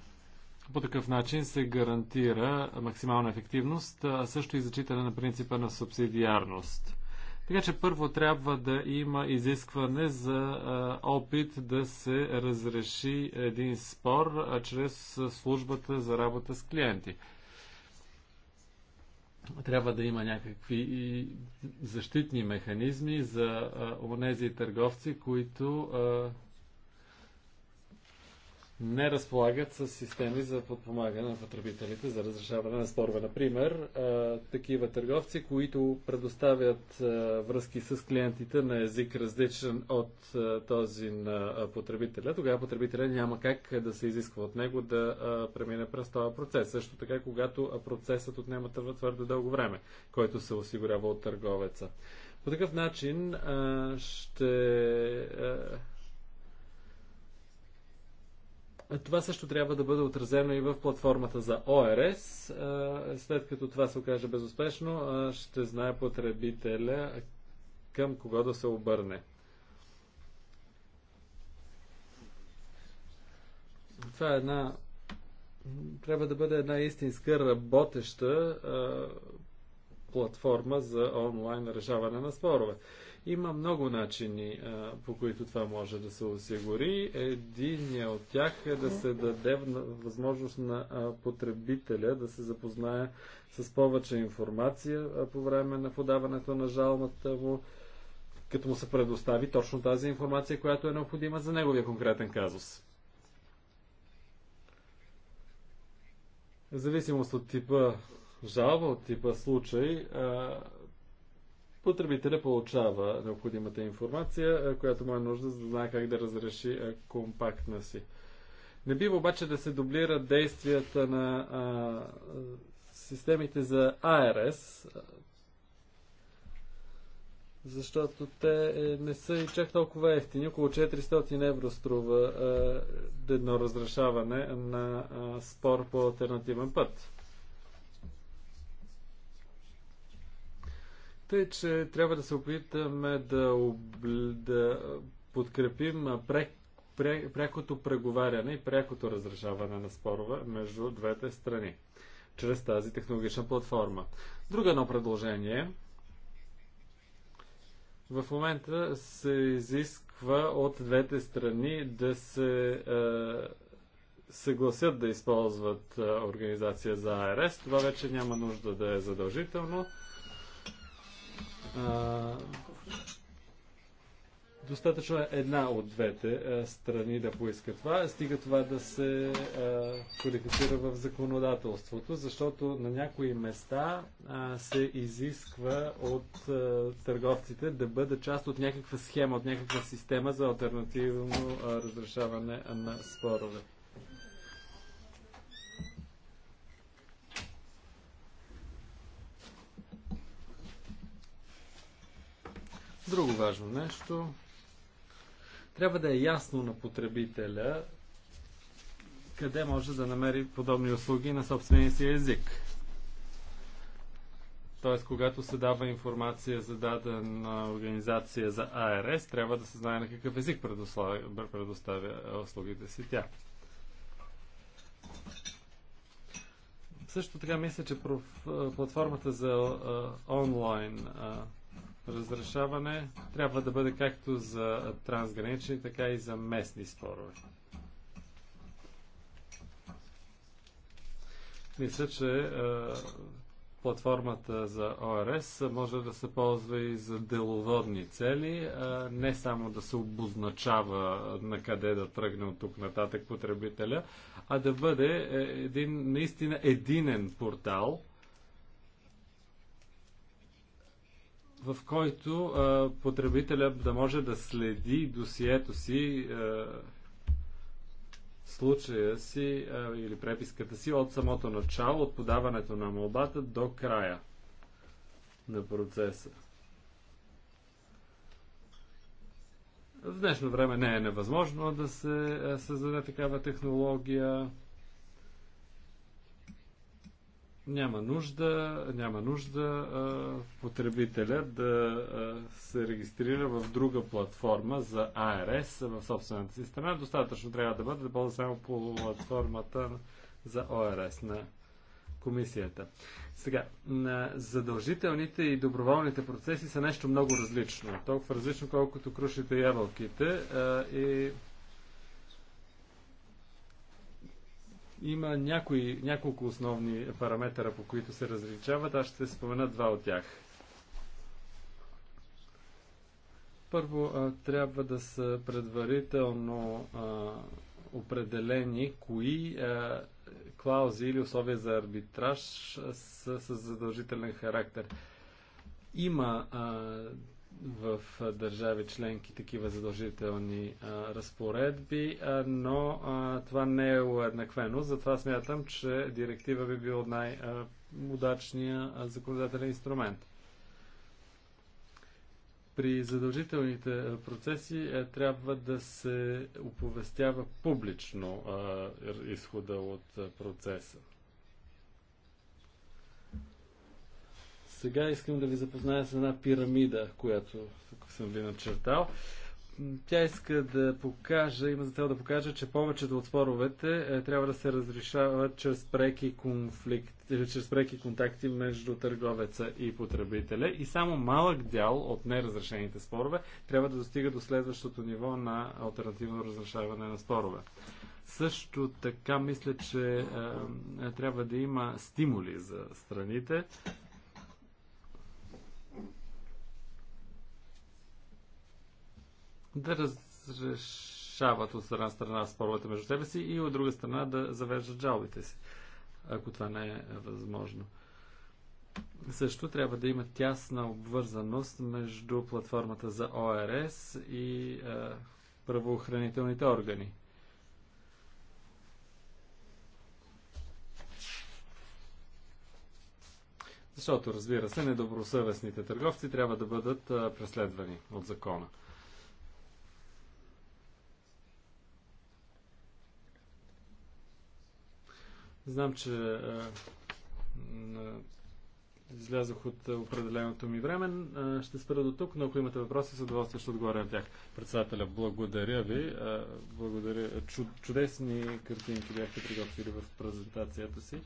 По такъв начин се гарантира максимална ефективност, а също и зачитане на принципа на субсидиарност. Така че първо трябва да има изискване за опит да се разреши един спор чрез службата за работа с клиенти трябва да има някакви защитни механизми за онези търговци, които не разполагат с системи за подпомагане на потребителите за разрешаване на спорове. Например, такива търговци, които предоставят връзки с клиентите на език различен от този на потребителя, тогава потребителя няма как да се изисква от него да премине през този процес. Също така, когато процесът отнема твърде дълго време, който се осигурява от търговеца. По такъв начин ще това също трябва да бъде отразено и в платформата за ОРС. След като това се окаже безуспешно, ще знае потребителя към кого да се обърне. Това е една. Трябва да бъде една истинска работеща платформа за онлайн решаване на спорове. Има много начини а, по които това може да се осигури. Единият от тях е да се даде възможност на а, потребителя да се запознае с повече информация а, по време на подаването на жалбата му, като му се предостави точно тази информация, която е необходима за неговия конкретен казус. В зависимост от типа жалба, от типа случай, а, потребителя получава необходимата информация, е, която му е нужда, за да знае как да разреши е, компактна си. Не бива обаче да се дублира действията на а, системите за АРС, защото те е, не са и чак толкова ефтини. Около 400 евро струва а, едно разрешаване на а, спор по альтернативен път. Тъй, е, че трябва да се опитаме да, да подкрепим прек прякото преговаряне и прякото разрешаване на спорове между двете страни чрез тази технологична платформа. Друго едно предложение. В момента се изисква от двете страни да се е, съгласят да използват е, организация за АРС. Това вече няма нужда да е задължително достатъчно е една от двете а, страни да поиска това, стига това да се а, квалифицира в законодателството, защото на някои места а, се изисква от а, търговците да бъде част от някаква схема, от някаква система за альтернативно а, разрешаване на спорове. Друго важно нещо. Трябва да е ясно на потребителя къде може да намери подобни услуги на собствения си език. Т.е. когато се дава информация за дадена организация за АРС, трябва да се знае на какъв език предоставя услугите си тя. Също така мисля, че платформата за онлайн разрешаване трябва да бъде както за трансгранични, така и за местни спорове. Мисля, че а, е, платформата за ОРС може да се ползва и за деловодни цели, а, е, не само да се обозначава на къде да тръгне от тук нататък потребителя, а да бъде е, един наистина единен портал – в който а, потребителя да може да следи досието си, а, случая си а, или преписката си от самото начало, от подаването на молбата до края на процеса. В днешно време не е невъзможно да се създаде такава технология няма нужда, няма нужда а, потребителя да а, се регистрира в друга платформа за АРС в собствената си страна. Достатъчно трябва да бъде да ползва само по платформата за ОРС на комисията. Сега, на задължителните и доброволните процеси са нещо много различно. Толкова различно, колкото крушите ябълките. А, и Има някои, няколко основни параметъра, по които се различават. Аз ще спомена два от тях. Първо, а, трябва да са предварително а, определени кои а, клаузи или условия за арбитраж с, с задължителен характер. Има а, в държави членки такива задължителни а, разпоредби, а, но а, това не е уеднаквено. Затова смятам, че директива би бил най-удачният законодателен инструмент. При задължителните процеси е, трябва да се оповестява публично изхода от процеса. Сега искам да ви запозная с една пирамида, която тук съм ви начертал. Тя иска да покаже, има за цел да покаже, че повечето от споровете е, трябва да се разрешават чрез преки, конфликт, чрез преки контакти между търговеца и потребителя и само малък дял от неразрешените спорове трябва да достига до следващото ниво на альтернативно разрешаване на спорове. Също така мисля, че е, е трябва да има стимули за страните да разрешават от една страна споровете между себе си и от друга страна да завеждат жалбите си, ако това не е възможно. Също трябва да има тясна обвързаност между платформата за ОРС и е, правоохранителните органи. Защото, разбира се, недобросъвестните търговци трябва да бъдат преследвани от закона. Знам, че а, излязох от определеното ми време. Ще спра до тук, но ако имате въпроси, с удоволствие ще отговоря на тях. Председателя, благодаря ви. Благодаря. Чудесни картинки бяхте приготвили в презентацията си.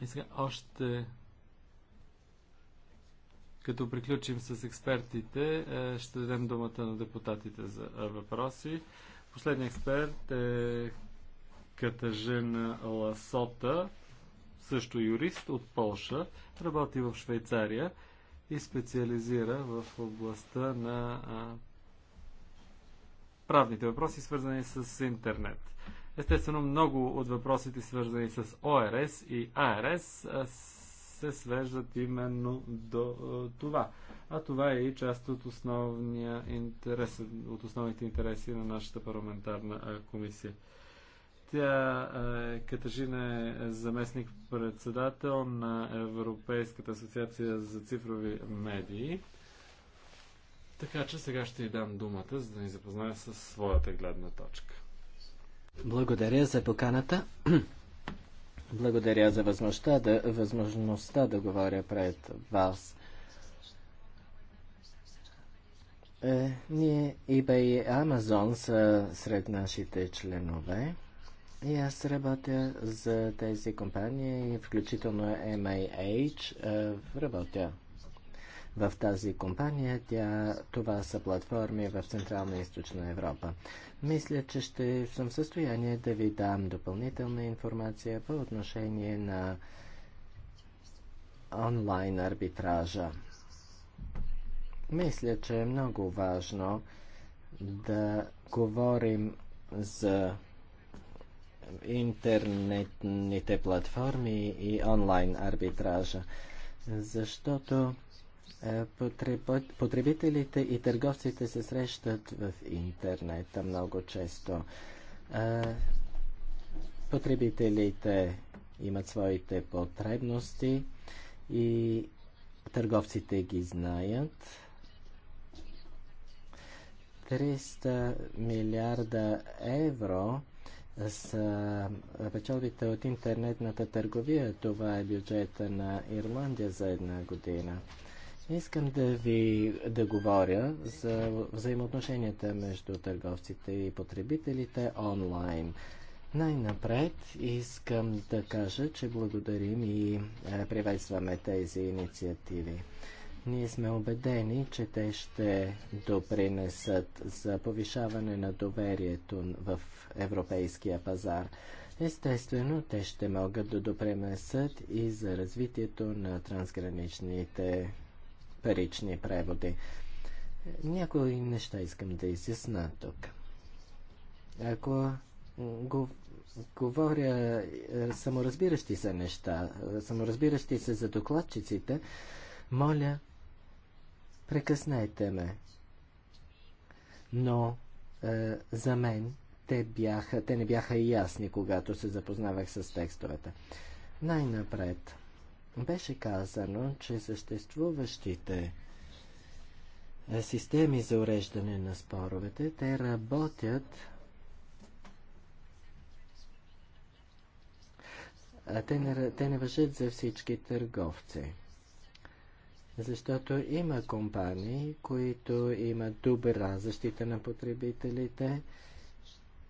И сега още като приключим с експертите, ще дадем думата на депутатите за въпроси. Последният експерт е Катажена Ласота, също юрист от Полша, работи в Швейцария и специализира в областта на а, правните въпроси, свързани с интернет. Естествено, много от въпросите, свързани с ОРС и АРС, се свеждат именно до е, това. А това е и част от, основния интерес, от основните интереси на нашата парламентарна е, комисия. Тя е, Катажина е заместник председател на Европейската асоциация за цифрови медии. Така че сега ще й дам думата, за да ни запознае с своята гледна точка. Благодаря за поканата. Благодаря за възможността да, възможността да говоря пред вас. Е, ние eBay и Amazon са сред нашите членове. И аз работя за тези компании, включително MAH. Е, работя в тази компания. Тя, това са платформи в Централна и Източна Европа. Мисля, че ще съм в състояние да ви дам допълнителна информация по отношение на онлайн арбитража. Мисля, че е много важно да говорим за интернетните платформи и онлайн арбитража, защото Потребителите и търговците се срещат в интернета много често. Потребителите имат своите потребности и търговците ги знаят. 300 милиарда евро с печалбите от интернетната търговия. Това е бюджета на Ирландия за една година. Искам да ви да говоря за взаимоотношенията между търговците и потребителите онлайн. Най-напред искам да кажа, че благодарим и е, приветстваме тези инициативи. Ние сме убедени, че те ще допринесат за повишаване на доверието в европейския пазар. Естествено, те ще могат да допринесат и за развитието на трансграничните парични преводи. Някои неща искам да изясна тук. Ако го, говоря е, саморазбиращи се неща, е, саморазбиращи се за докладчиците, моля, прекъснете ме. Но е, за мен те, бяха, те не бяха и ясни, когато се запознавах с текстовете. Най-напред – беше казано, че съществуващите е, системи за уреждане на споровете, те работят те не, те не въжат за всички търговци. Защото има компании, които имат добра защита на потребителите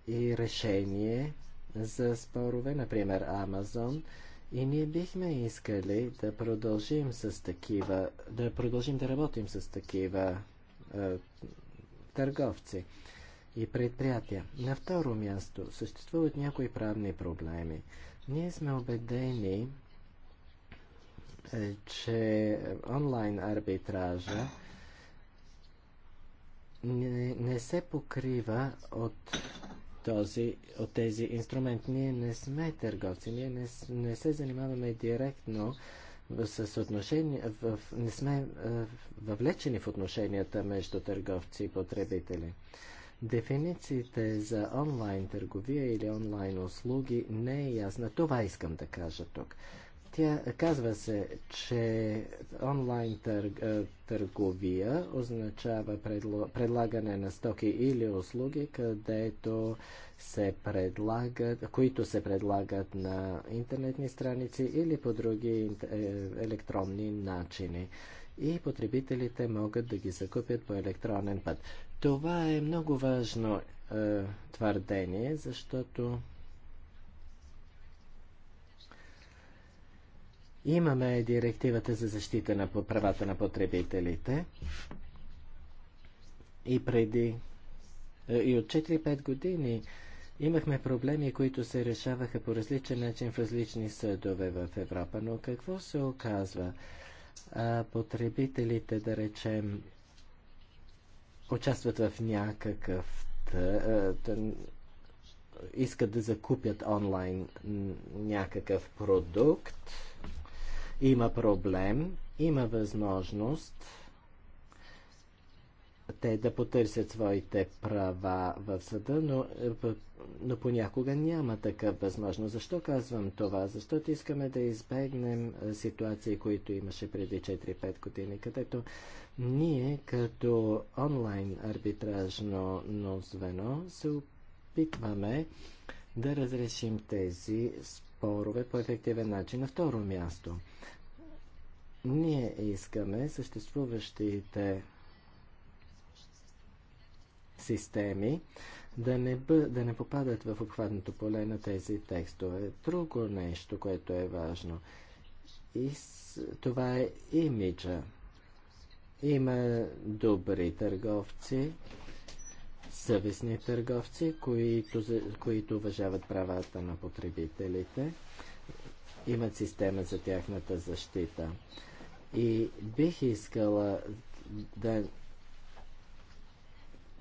и решение за спорове, например Амазон – и ние бихме искали да продължим с такива, да продължим да работим с такива е, търговци и предприятия. На второ място съществуват някои правни проблеми. Ние сме убедени, е, че онлайн арбитража не, не се покрива от този, от тези инструмент. Ние не сме търговци, ние не, не се занимаваме директно с отношения, в, не сме е, въвлечени в отношенията между търговци и потребители. Дефинициите за онлайн търговия или онлайн услуги не е ясна. Това искам да кажа тук. Тя казва се, че онлайн търг, търговия означава предло, предлагане на стоки или услуги, където се предлагат, които се предлагат на интернетни страници или по други е, електронни начини. И потребителите могат да ги закупят по електронен път. Това е много важно е, твърдение, защото Имаме директивата за защита на правата на потребителите. И преди, е, и от 4-5 години имахме проблеми, които се решаваха по различен начин в различни съдове в Европа. Но какво се оказва? А, потребителите, да речем, участват в някакъв искат да закупят онлайн някакъв продукт има проблем, има възможност те да потърсят своите права в съда, но, но понякога няма такъв възможност. Защо казвам това? Защото искаме да избегнем ситуации, които имаше преди 4-5 години, където ние като онлайн арбитражно звено се опитваме да разрешим тези спорта спорове по ефективен начин. На второ място, ние искаме съществуващите системи да не, бъ, да не попадат в обхватното поле на тези текстове. Друго нещо, което е важно, и с, това е имиджа. Има добри търговци, съвестни търговци, които, които уважават правата на потребителите, имат система за тяхната защита. И бих искала да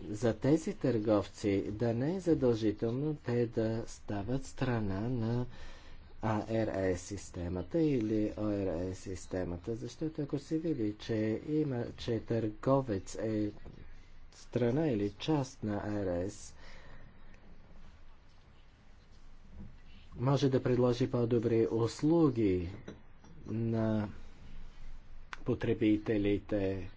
за тези търговци да не е задължително те да стават страна на АРС системата или ОРС системата, защото ако се види, че, има, че търговец е страна или част на РС може да предложи по-добри услуги на потребителите.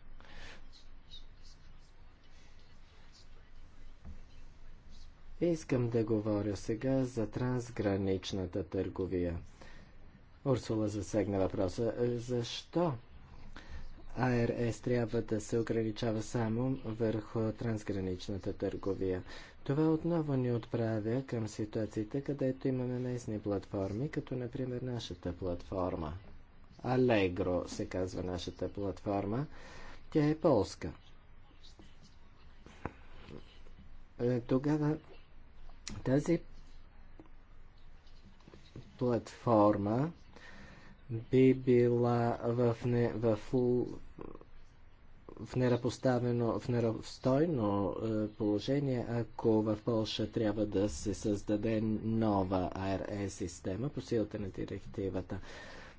Искам да говоря сега за трансграничната търговия. Урсула засегна въпроса. Защо АРС трябва да се ограничава само върху трансграничната търговия. Това отново ни отправя към ситуациите, където имаме местни платформи, като например нашата платформа. Allegro се казва нашата платформа. Тя е полска. Е, тогава тази платформа би била в, не, в в, неравностойно, в е, неравностойно положение, ако в Польша трябва да се създаде нова АРЕ система по силата на директивата.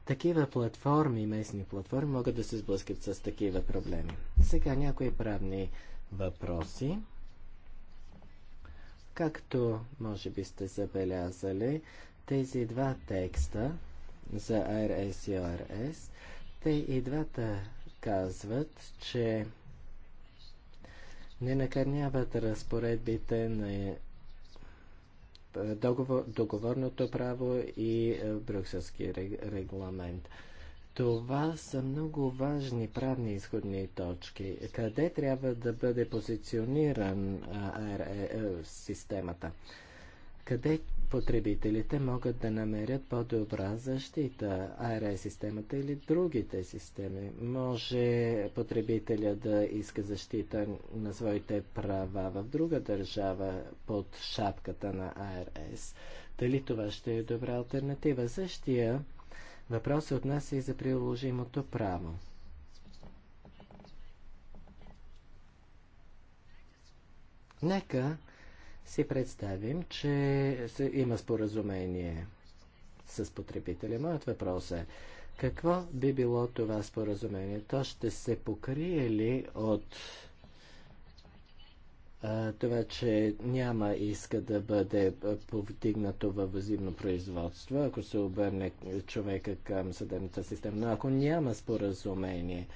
Такива платформи, местни платформи, могат да се сблъскат с такива проблеми. Сега някои правни въпроси. Както може би сте забелязали, тези два текста за АРС е и ОРС, е те и двата казват, че не накърняват разпоредбите на е, договор, договорното право и е, брюкселски регламент. Това са много важни правни изходни точки. Къде трябва да бъде позициониран а, а, а, е, системата? Къде потребителите могат да намерят по-добра защита, АРС-системата или другите системи. Може потребителя да иска защита на своите права в друга държава под шапката на ARS. Дали това ще е добра альтернатива? Същия въпрос се отнася и за приложимото право. Нека си представим, че има споразумение с потребителя. Моят въпрос е, какво би било това споразумение? То ще се покрие ли от а, това, че няма иска да бъде повдигнато във взимно производство, ако се обърне човека към съдебната система. Но ако няма споразумение,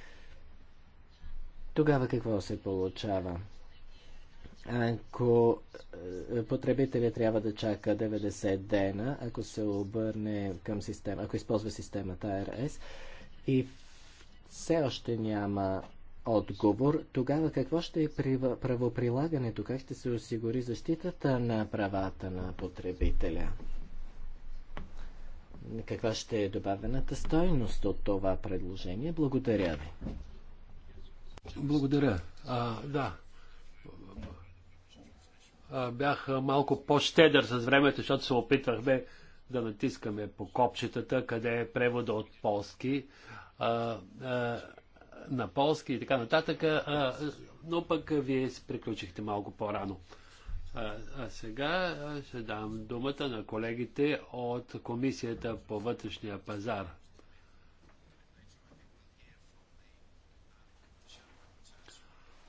тогава какво се получава? Ако е, потребителя трябва да чака 90 дена, ако се обърне към система, ако използва системата RS и все още няма отговор, тогава какво ще е правоприлагането? Как ще се осигури защитата на правата на потребителя? Каква ще е добавената стойност от това предложение? Благодаря ви. Благодаря. А, да, бях малко по-щедър с времето, защото се опитвахме да натискаме по копчетата, къде е превода от полски а, а, на полски и така нататък. А, но пък вие се приключихте малко по-рано. А, а сега ще дам думата на колегите от Комисията по вътрешния пазар.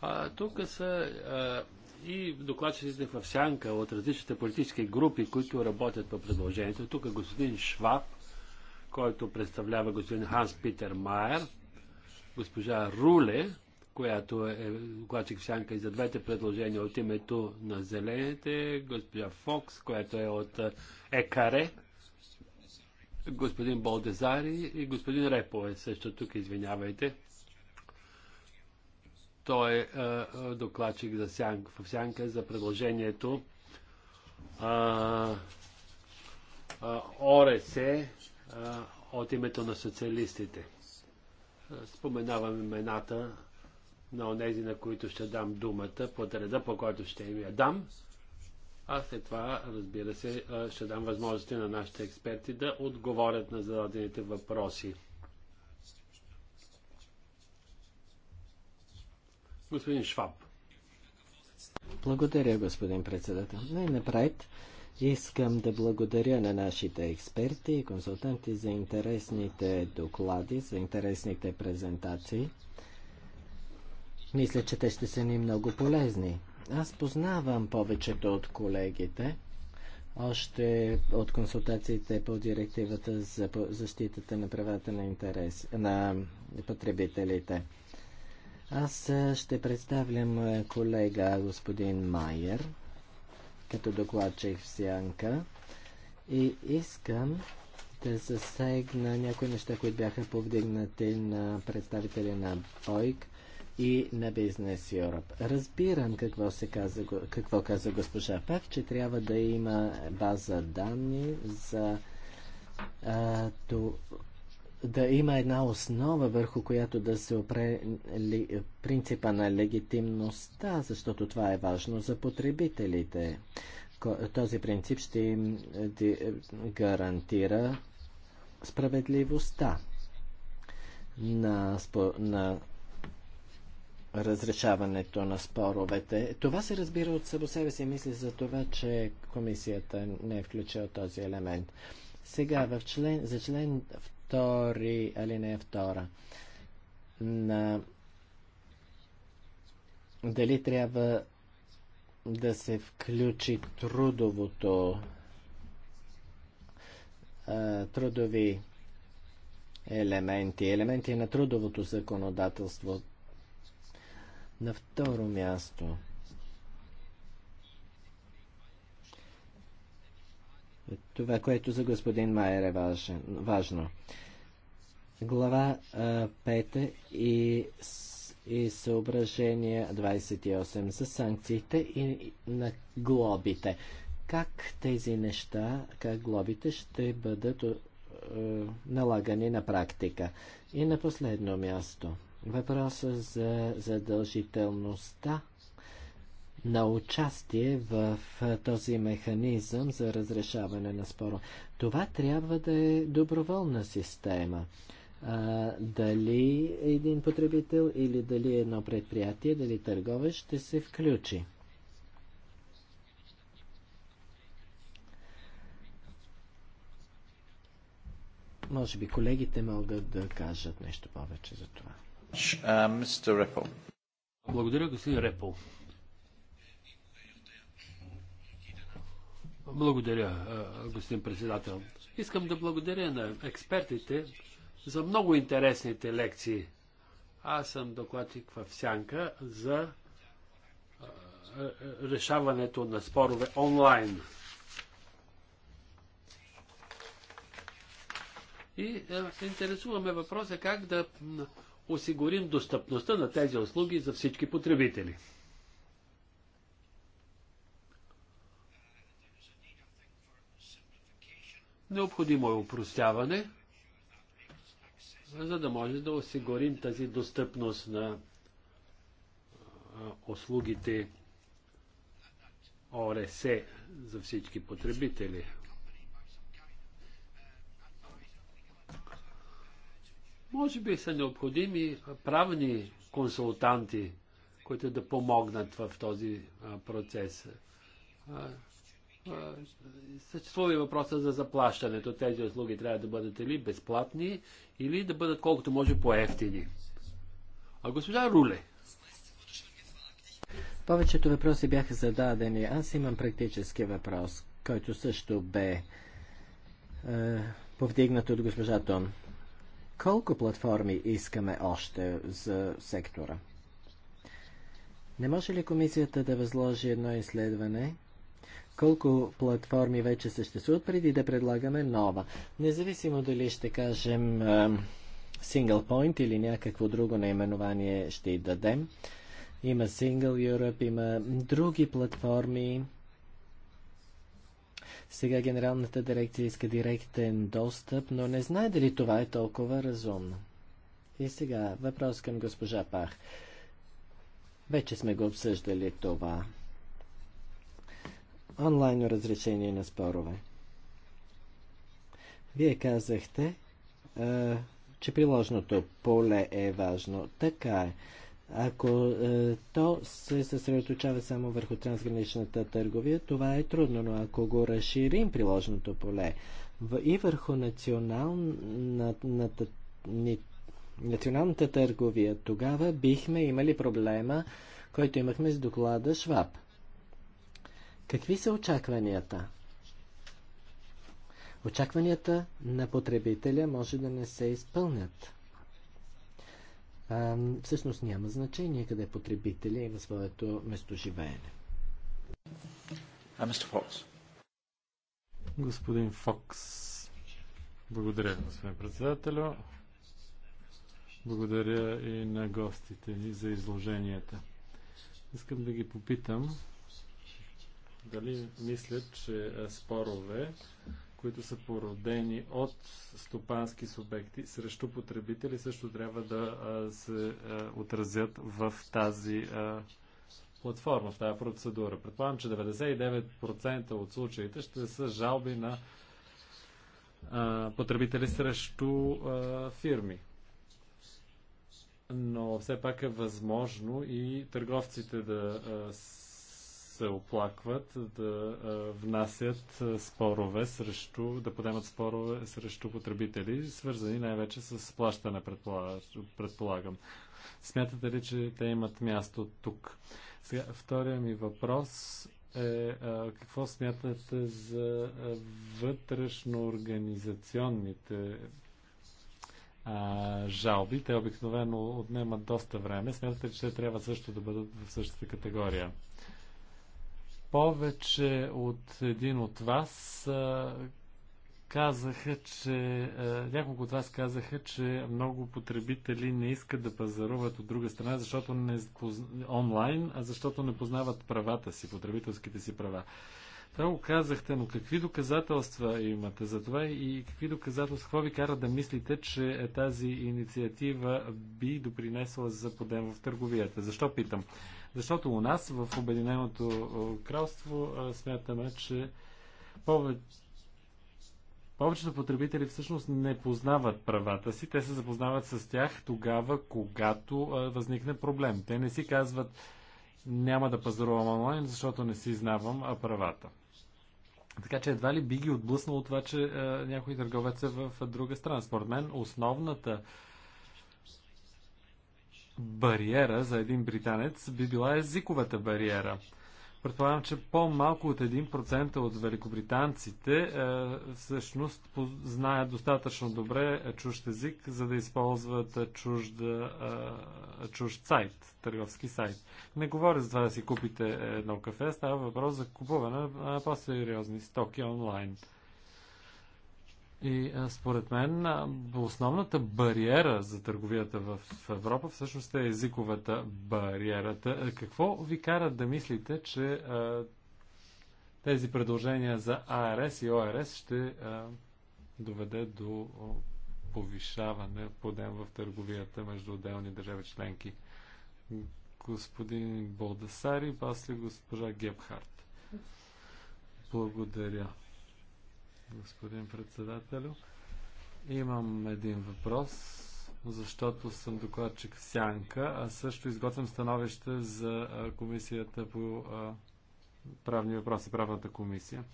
А, тук са а, и докладчиците в сянка от различните политически групи, които работят по предложението. Тук е господин Шваб, който представлява господин Ханс Питер Майер, госпожа Руле, която е докладчик в сянка и за двете предложения от името на Зелените, госпожа Фокс, която е от ЕКАРЕ, господин Болдезари и господин Репо е също тук, извинявайте. Той е, е докладчик за сянка, в сянка за предложението а, а, ОРСЕ а, от името на социалистите. Споменавам имената на онези, на които ще дам думата, под реда, по който ще им я дам. А след това, разбира се, ще дам възможности на нашите експерти да отговорят на зададените въпроси. Господин Шваб. Благодаря, господин председател. Най-напред искам да благодаря на нашите експерти и консултанти за интересните доклади, за интересните презентации. Мисля, че те ще са ни много полезни. Аз познавам повечето от колегите, още от консултациите по директивата за защитата на правата на, интерес, на потребителите. Аз ще представлям моя колега господин Майер като докладчик в Сянка и искам да засегна някои неща, които бяха повдигнати на представители на БОЙК и на Бизнес Европ. Разбирам какво, се каза, какво каза госпожа Пак, че трябва да има база данни за а, то, да има една основа, върху която да се опре ли, принципа на легитимността, защото това е важно за потребителите. Този принцип ще им е, е, гарантира справедливостта на, на разрешаването на споровете. Това се разбира от само себе си. Мисля за това, че комисията не е включила този елемент. Сега в член, за член 2, алинея втора. на дали трябва да се включи трудовото трудови елементи, елементи на трудовото законодателство. На второ място – това, което за господин Майер е важно. Глава 5 и, и съображение 28 за санкциите и на глобите. Как тези неща, как глобите ще бъдат е, налагани на практика? И на последно място, Въпросът за задължителността на участие в този механизъм за разрешаване на спора. Това трябва да е доброволна система. А, дали един потребител или дали едно предприятие, дали търговец ще се включи. Може би колегите могат да кажат нещо повече за това. Uh, Благодаря, господин Репол. Благодаря, господин председател. Искам да благодаря на експертите за много интересните лекции. Аз съм докладчик в Сянка за решаването на спорове онлайн. И се интересуваме въпроса как да осигурим достъпността на тези услуги за всички потребители. Необходимо е упростяване, за да може да осигурим тази достъпност на услугите ОРС за всички потребители. Може би са необходими правни консултанти, които да помогнат в този процес. Е, съществува и въпроса за заплащането. Тези услуги трябва да бъдат или безплатни, или да бъдат колкото може по-ефтини. А госпожа Руле. Повечето въпроси бяха зададени. Аз имам практически въпрос, който също бе е, повдигнат от госпожа Тон. Колко платформи искаме още за сектора? Не може ли комисията да възложи едно изследване колко платформи вече съществуват, преди да предлагаме нова. Независимо дали ще кажем Single Point или някакво друго наименование ще й дадем. Има Single Europe, има други платформи. Сега генералната дирекция иска директен достъп, но не знае дали това е толкова разумно. И сега въпрос към госпожа Пах. Вече сме го обсъждали това онлайн разрешение на спорове. Вие казахте, е, че приложното поле е важно. Така е. Ако е, то се съсредоточава само върху трансграничната търговия, това е трудно, но ако го разширим приложното поле и върху националната, националната търговия, тогава бихме имали проблема, който имахме с доклада Шваб. Какви са очакванията? Очакванията на потребителя може да не се изпълнят. А, всъщност няма значение къде потребителя има своето местоживеене. Господин Фокс, благодаря, господин председателю. Благодаря и на гостите ни за изложенията. Искам да ги попитам дали мислят, че спорове, които са породени от стопански субекти срещу потребители, също трябва да се отразят в тази платформа, в тази процедура. Предполагам, че 99% от случаите ще са жалби на потребители срещу фирми но все пак е възможно и търговците да се оплакват да внасят спорове срещу, да подемат спорове срещу потребители, свързани най-вече с плащане, предполагам. Смятате ли, че те имат място тук? Сега, втория ми въпрос е а, какво смятате за вътрешно-организационните а, жалби. Те обикновено отнемат доста време. Смятате ли, че те трябва също да бъдат в същата категория? повече от един от вас казаха, че няколко от вас казаха, че много потребители не искат да пазаруват от друга страна, защото не онлайн, а защото не познават правата си, потребителските си права. Това го казахте, но какви доказателства имате за това и какви доказателства, какво ви кара да мислите, че е тази инициатива би допринесла за подем в търговията? Защо питам? Защото у нас в Обединеното кралство смятаме, че повече повечето потребители всъщност не познават правата си, те се запознават с тях тогава, когато а, възникне проблем. Те не си казват няма да пазарувам онлайн, защото не си знавам а правата. Така че едва ли би ги отблъснало това, че а, някой търговец е в друга страна. Според мен основната бариера за един британец би била езиковата бариера. Предполагам, че по-малко от 1% от великобританците е, всъщност знаят достатъчно добре чужд език, за да използват чужд, е, чужд сайт, търговски сайт. Не говоря за това да си купите едно кафе, става въпрос за купуване на по-сериозни стоки онлайн. И според мен основната бариера за търговията в Европа всъщност е езиковата бариерата. Какво ви карат да мислите, че а, тези предложения за АРС и ОРС ще а, доведе до повишаване подем в търговията между отделни държави членки? Господин Болдасари, после госпожа Гебхарт. Благодаря господин председателю. Имам един въпрос, защото съм докладчик в Сянка, а също изготвям становище за комисията по правни въпроси, правната комисия.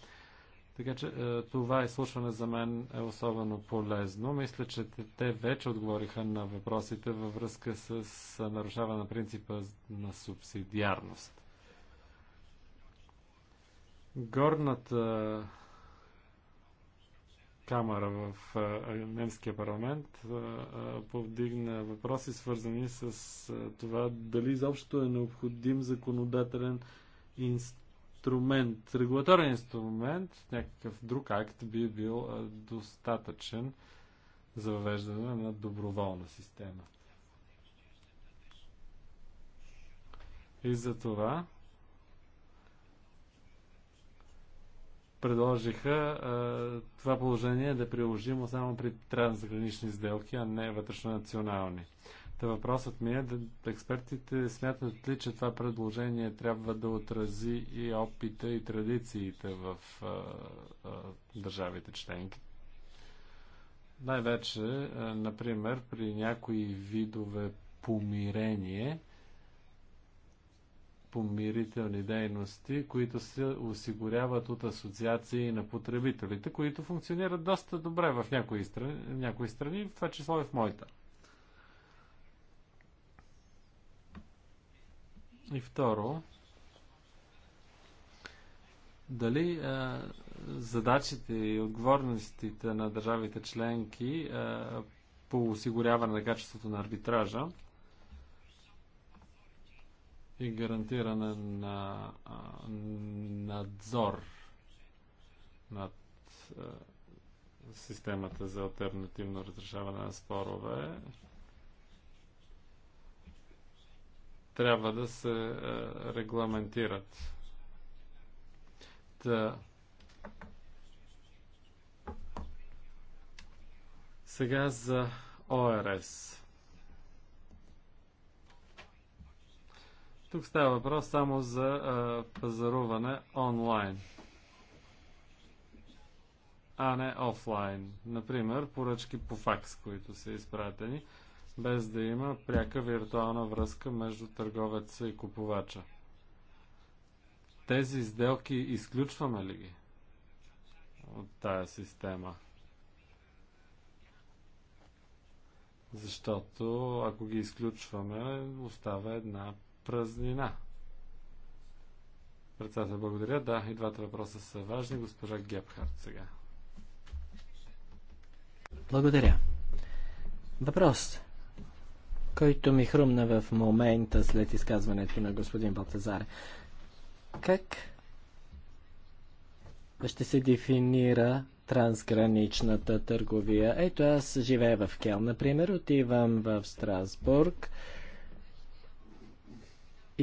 Така че това изслушване за мен е особено полезно. Мисля, че те вече отговориха на въпросите във връзка с нарушаване на принципа на субсидиарност. Горната камера в немския парламент повдигна въпроси, свързани с това дали изобщо е необходим законодателен инструмент. Регулаторен инструмент, някакъв друг акт би бил достатъчен за въвеждане на доброволна система. И за това предложиха а, това положение да е приложимо само при трансгранични сделки, а не вътрешно национални. Та въпросът ми е да експертите смятат ли, че това предложение трябва да отрази и опита и традициите в а, а, държавите членки. Най-вече, например, при някои видове помирение – помирителни дейности, които се осигуряват от асоциации на потребителите, които функционират доста добре в някои страни, в някои страни в това число и в моята. И второ, дали а, задачите и отговорностите на държавите членки а, по осигуряване на качеството на арбитража и гарантиране на надзор над системата за альтернативно разрешаване на спорове трябва да се регламентират. Та, Сега за ОРС. Тук става въпрос само за а, пазаруване онлайн, а не офлайн. Например, поръчки по факс, които са изпратени, без да има пряка виртуална връзка между търговеца и купувача. Тези сделки изключваме ли ги от тая система? Защото ако ги изключваме, остава една празнина. Председател, благодаря. Да, и двата въпроса са важни. Госпожа Гепхарт сега. Благодаря. Въпрос, който ми хрумна в момента след изказването на господин Балтазар. Как ще се дефинира трансграничната търговия? Ето аз живея в Кел, например, отивам в Страсбург,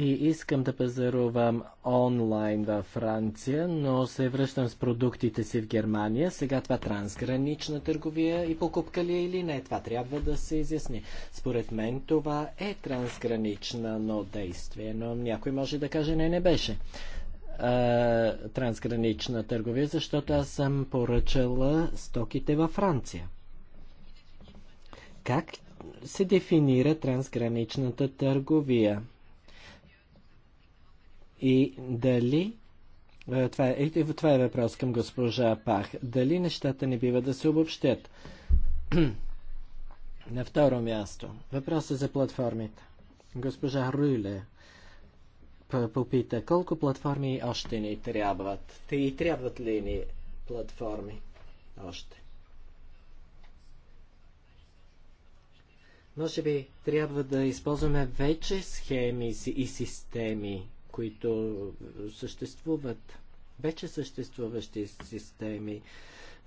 и искам да пазарувам онлайн във Франция, но се връщам с продуктите си в Германия. Сега това трансгранична търговия и покупка ли е или не? Това трябва да се изясни. Според мен това е трансгранична, но действие, но някой може да каже не, не беше а, трансгранична търговия, защото аз съм поръчала стоките във Франция. Как се дефинира трансграничната търговия? И дали е, това е, това е въпрос към госпожа Пах. Дали нещата не бива да се обобщят? [clears throat] На второ място. Въпросът за платформите. Госпожа Руйле попита, колко платформи още ни трябват? Те и трябват ли ни платформи още? Може би трябва да използваме вече схеми и системи които съществуват, вече съществуващи системи.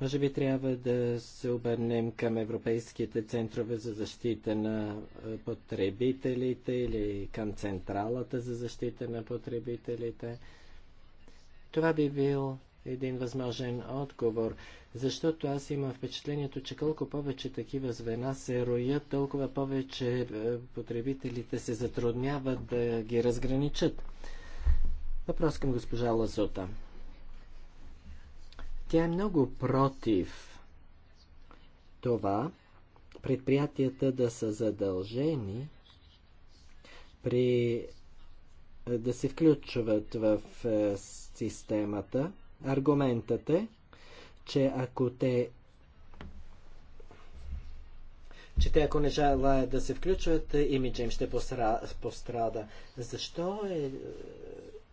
Може би трябва да се обърнем към европейските центрове за защита на е, потребителите или към Централата за защита на потребителите. Това би бил един възможен отговор, защото аз имам впечатлението, че колко повече такива звена се роят, толкова повече е, потребителите се затрудняват да ги разграничат. Въпрос към госпожа Лазута. Тя е много против това предприятията да са задължени при да се включват в е, системата. Аргументът е, че ако те че те ако не желаят да се включват, имиджа им ще пострада. Защо е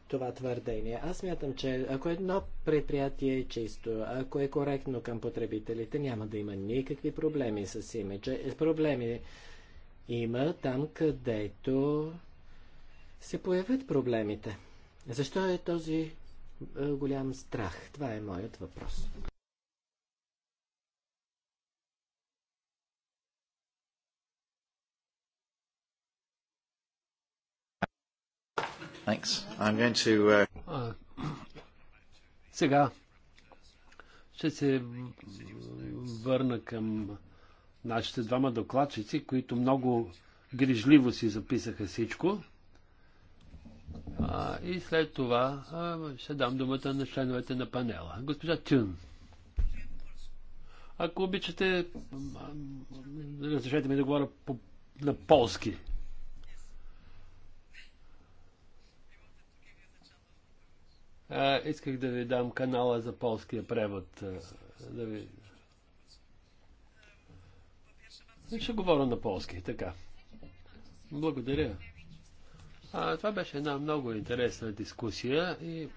това твърдение. Аз мятам, че ако едно предприятие е чисто, ако е коректно към потребителите, няма да има никакви проблеми с имиджа. Проблеми има там, където се появят проблемите. Защо е този е, голям страх? Това е моят въпрос. Thanks. I'm going to... Uh... Сега ще се върна към нашите двама докладчици, които много грижливо си записаха всичко. А, и след това а, ще дам думата на членовете на панела. Госпожа Тюн. Ако обичате, разрешете ми да говоря по, на полски. А, исках да ви дам канала за полския превод. Да ви... Ще говоря на полски, така. Благодаря. А, това беше една много интересна дискусия и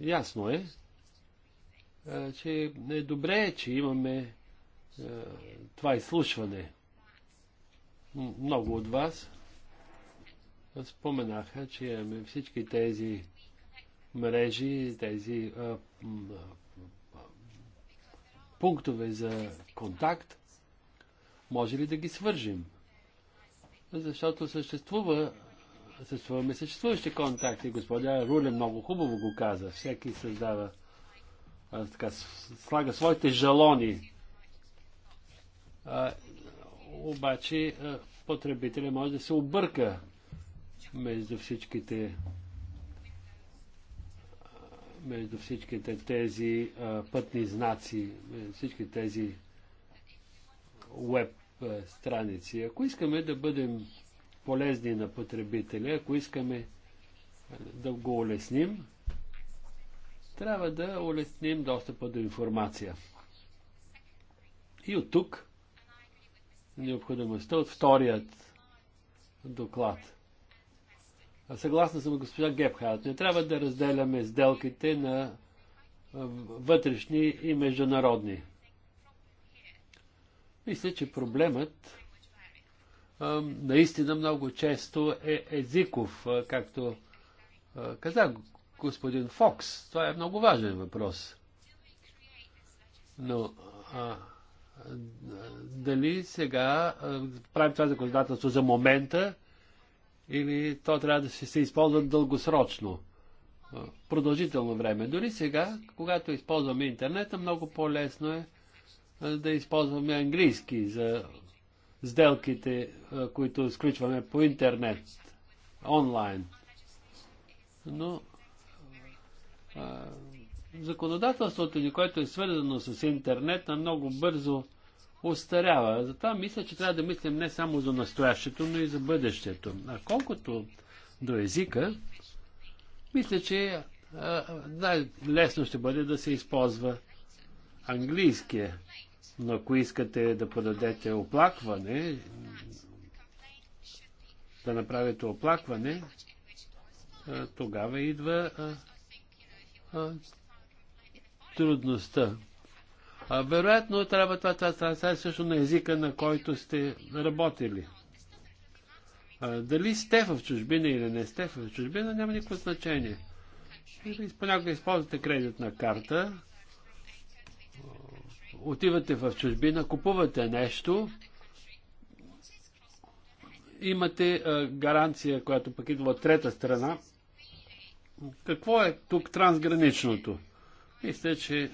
ясно е, че е добре, че имаме това изслушване. Много от вас споменаха, че имаме всички тези мрежи, тези а, пунктове за контакт, може ли да ги свържим? Защото съществува, съществуваме съществуващи контакти. Господя Руле много хубаво го каза. Всеки създава, а, така, слага своите жалони. А, обаче а, потребителя може да се обърка между всичките между всичките тези а, пътни знаци, между всички тези веб страници. Ако искаме да бъдем полезни на потребителя, ако искаме да го улесним, трябва да улесним достъпа до информация. И от тук необходимостта от вторият доклад. Съгласна съм госпожа Гепхард. Не трябва да разделяме сделките на вътрешни и международни. Мисля, че проблемът наистина много често е езиков, както каза господин Фокс. Това е много важен въпрос. Но а, дали сега правим това законодателство за момента, или то трябва да се, се използва дългосрочно, продължително време. Дори сега, когато използваме интернета, много по-лесно е да използваме английски за сделките, които сключваме по интернет, онлайн. Но законодателството ни, което е свързано с интернета, много бързо устарява. Затова мисля, че трябва да мислим не само за настоящето, но и за бъдещето. А колкото до езика, мисля, че най-лесно ще бъде да се използва английския. Но ако искате да подадете оплакване, да направите оплакване, тогава идва а, а, трудността. Вероятно трябва това, това, това, това е също на езика, на който сте работили. Дали сте в чужбина или не сте в чужбина, няма никакво значение. Понякога използвате кредитна карта, отивате в чужбина, купувате нещо, имате гаранция, която пък идва от трета страна. Какво е тук трансграничното? Мисля, че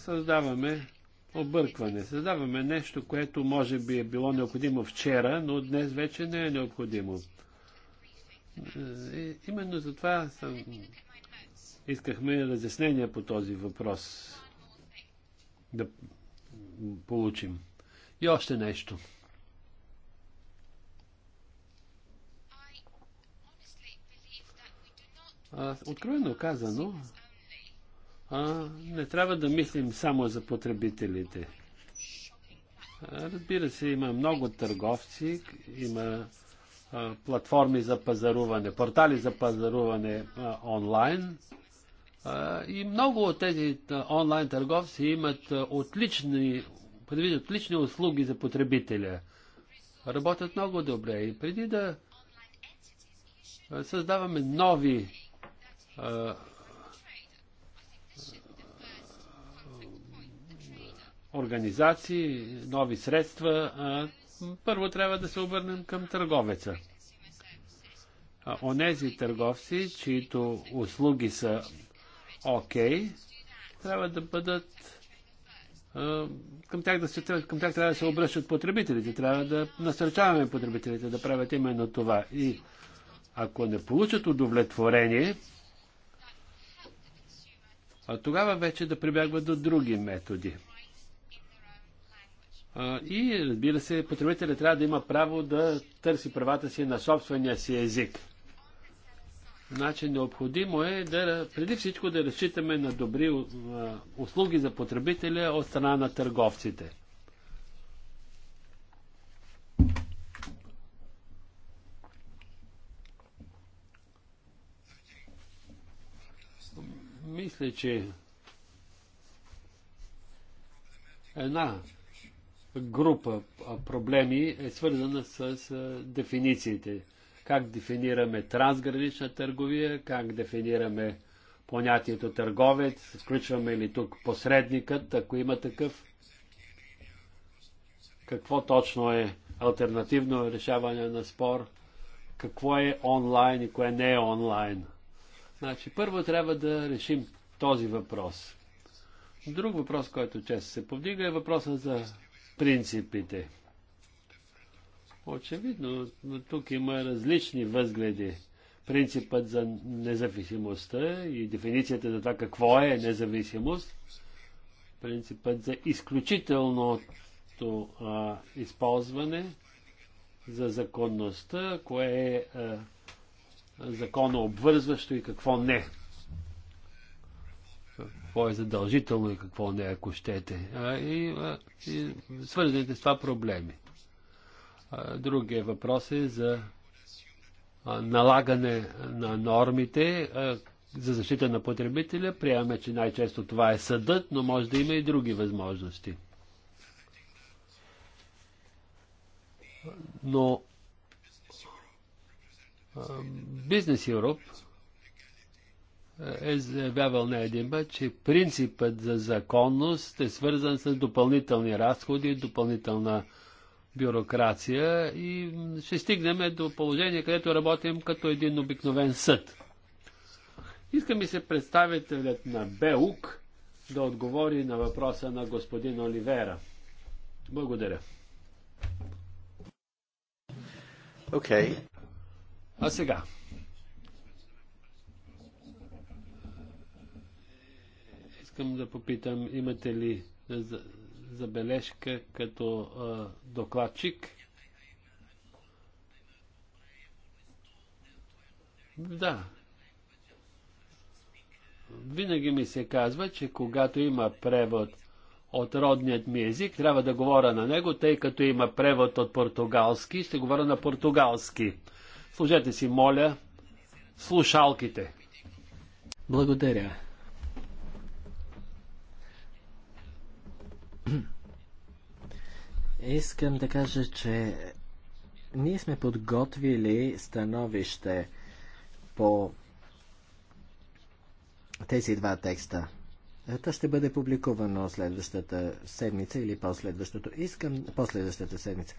създаваме объркване. Създаваме нещо, което може би е било необходимо вчера, но днес вече не е необходимо. И е, именно за това съм... искахме разяснения по този въпрос да получим. И още нещо. Откровено казано, а, не трябва да мислим само за потребителите. Разбира се, има много търговци, има а, платформи за пазаруване, портали за пазаруване а, онлайн. А, и много от тези онлайн търговци имат отлични, предвид отлични услуги за потребителя. Работят много добре. И преди да създаваме нови организации, нови средства, а, първо трябва да се обърнем към търговеца. А, онези търговци, чието услуги са окей, okay, трябва да бъдат към тях, да се, към тях трябва да се обръщат потребителите, трябва да насърчаваме потребителите да правят именно това. И ако не получат удовлетворение, а тогава вече да прибягват до други методи. И разбира се, потребителят трябва да има право да търси правата си на собствения си език. Значи необходимо е да преди всичко да разчитаме на добри услуги за потребителя от страна на търговците. Мисля, че една група проблеми е свързана с дефинициите. Как дефинираме трансгранична търговия, как дефинираме понятието търговец, включваме ли тук посредникът, ако има такъв, какво точно е альтернативно решаване на спор, какво е онлайн и кое не е онлайн. Значи, първо трябва да решим този въпрос. Друг въпрос, който често се повдига е въпроса за принципите. Очевидно, но тук има различни възгледи. Принципът за независимостта и дефиницията за това какво е независимост, принципът за изключителното а, използване, за законността, кое е а, законообвързващо и какво не какво е задължително и какво не, ако щете. И, и свързаните с това проблеми. Другия въпрос е за налагане на нормите за защита на потребителя. Приемаме, че най-често това е съдът, но може да има и други възможности. Но Бизнес Европ е заявявал не един път, че принципът за законност е свързан с допълнителни разходи, допълнителна бюрокрация и ще стигнем до положение, където работим като един обикновен съд. Иска ми се представителят на БЕУК да отговори на въпроса на господин Оливера. Благодаря. Okay. А сега. искам да попитам, имате ли забележка като а, докладчик? Да. Винаги ми се казва, че когато има превод от родният ми език, трябва да говоря на него, тъй като има превод от португалски, ще говоря на португалски. Служете си, моля, слушалките. Благодаря. [clears throat] Искам да кажа, че ние сме подготвили становище по тези два текста. Това ще бъде публикувано следващата седмица или последващото. Искам, последващата седмица.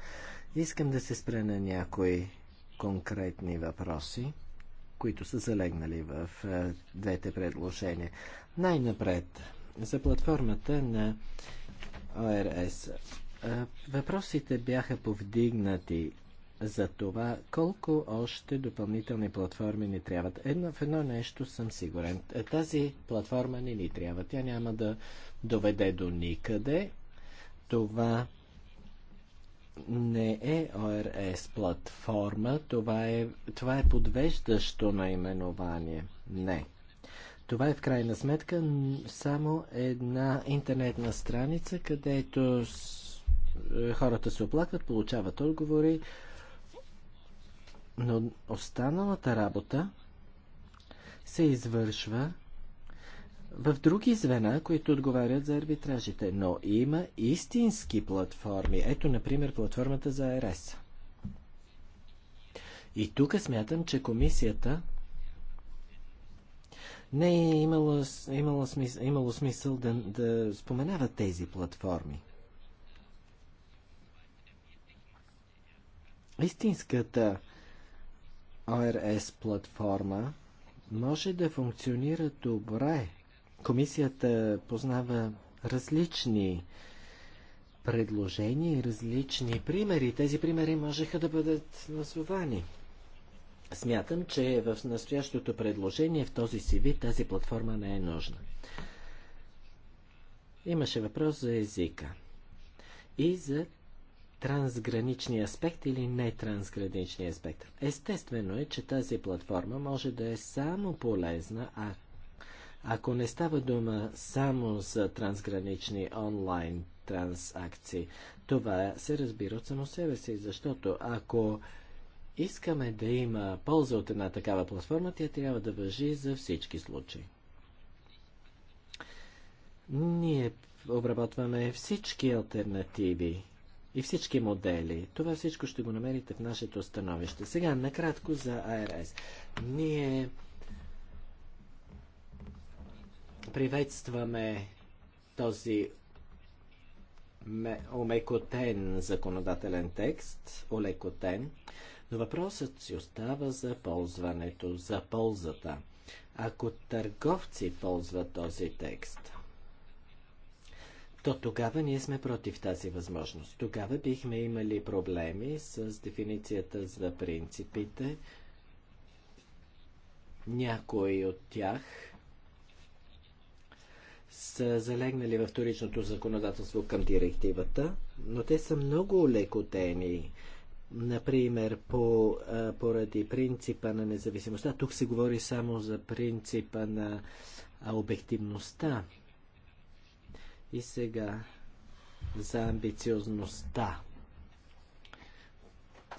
Искам да се спре на някои конкретни въпроси, които са залегнали в е, двете предложения. Най-напред, за платформата на ОРС. Въпросите бяха повдигнати за това колко още допълнителни платформи ни трябват. Едно в едно нещо съм сигурен. Е, тази платформа не ни трябва. Тя няма да доведе до никъде. Това не е ОРС платформа, това е, това е подвеждащо наименование. Не. Това е в крайна сметка само една интернетна страница, където е, хората се оплакват, получават отговори, но останалата работа се извършва в други звена, които отговарят за арбитражите, но има истински платформи. Ето, например, платформата за ЕРС. И тук смятам, че комисията не е имало, имало, смисъл, имало смисъл да, да споменават тези платформи. Истинската ОРС платформа може да функционира добре. Комисията познава различни предложения и различни примери. Тези примери можеха да бъдат назовани. Смятам, че в настоящото предложение в този си вид тази платформа не е нужна. Имаше въпрос за езика и за трансграничния аспект или не трансгранични аспект. Естествено е, че тази платформа може да е само полезна, а ако не става дума само за трансгранични онлайн трансакции, това се разбира от само себе си, защото ако искаме да има полза от една такава платформа, тя трябва да въжи за всички случаи. Ние обработваме всички альтернативи и всички модели. Това всичко ще го намерите в нашето становище. Сега, накратко за АРС. Ние приветстваме този омекотен законодателен текст, олекотен. Но въпросът си остава за ползването, за ползата. Ако търговци ползват този текст, то тогава ние сме против тази възможност. Тогава бихме имали проблеми с дефиницията за принципите. Някои от тях са залегнали в вторичното законодателство към директивата, но те са много лекотени например, по, поради принципа на независимостта. Тук се говори само за принципа на обективността. И сега за амбициозността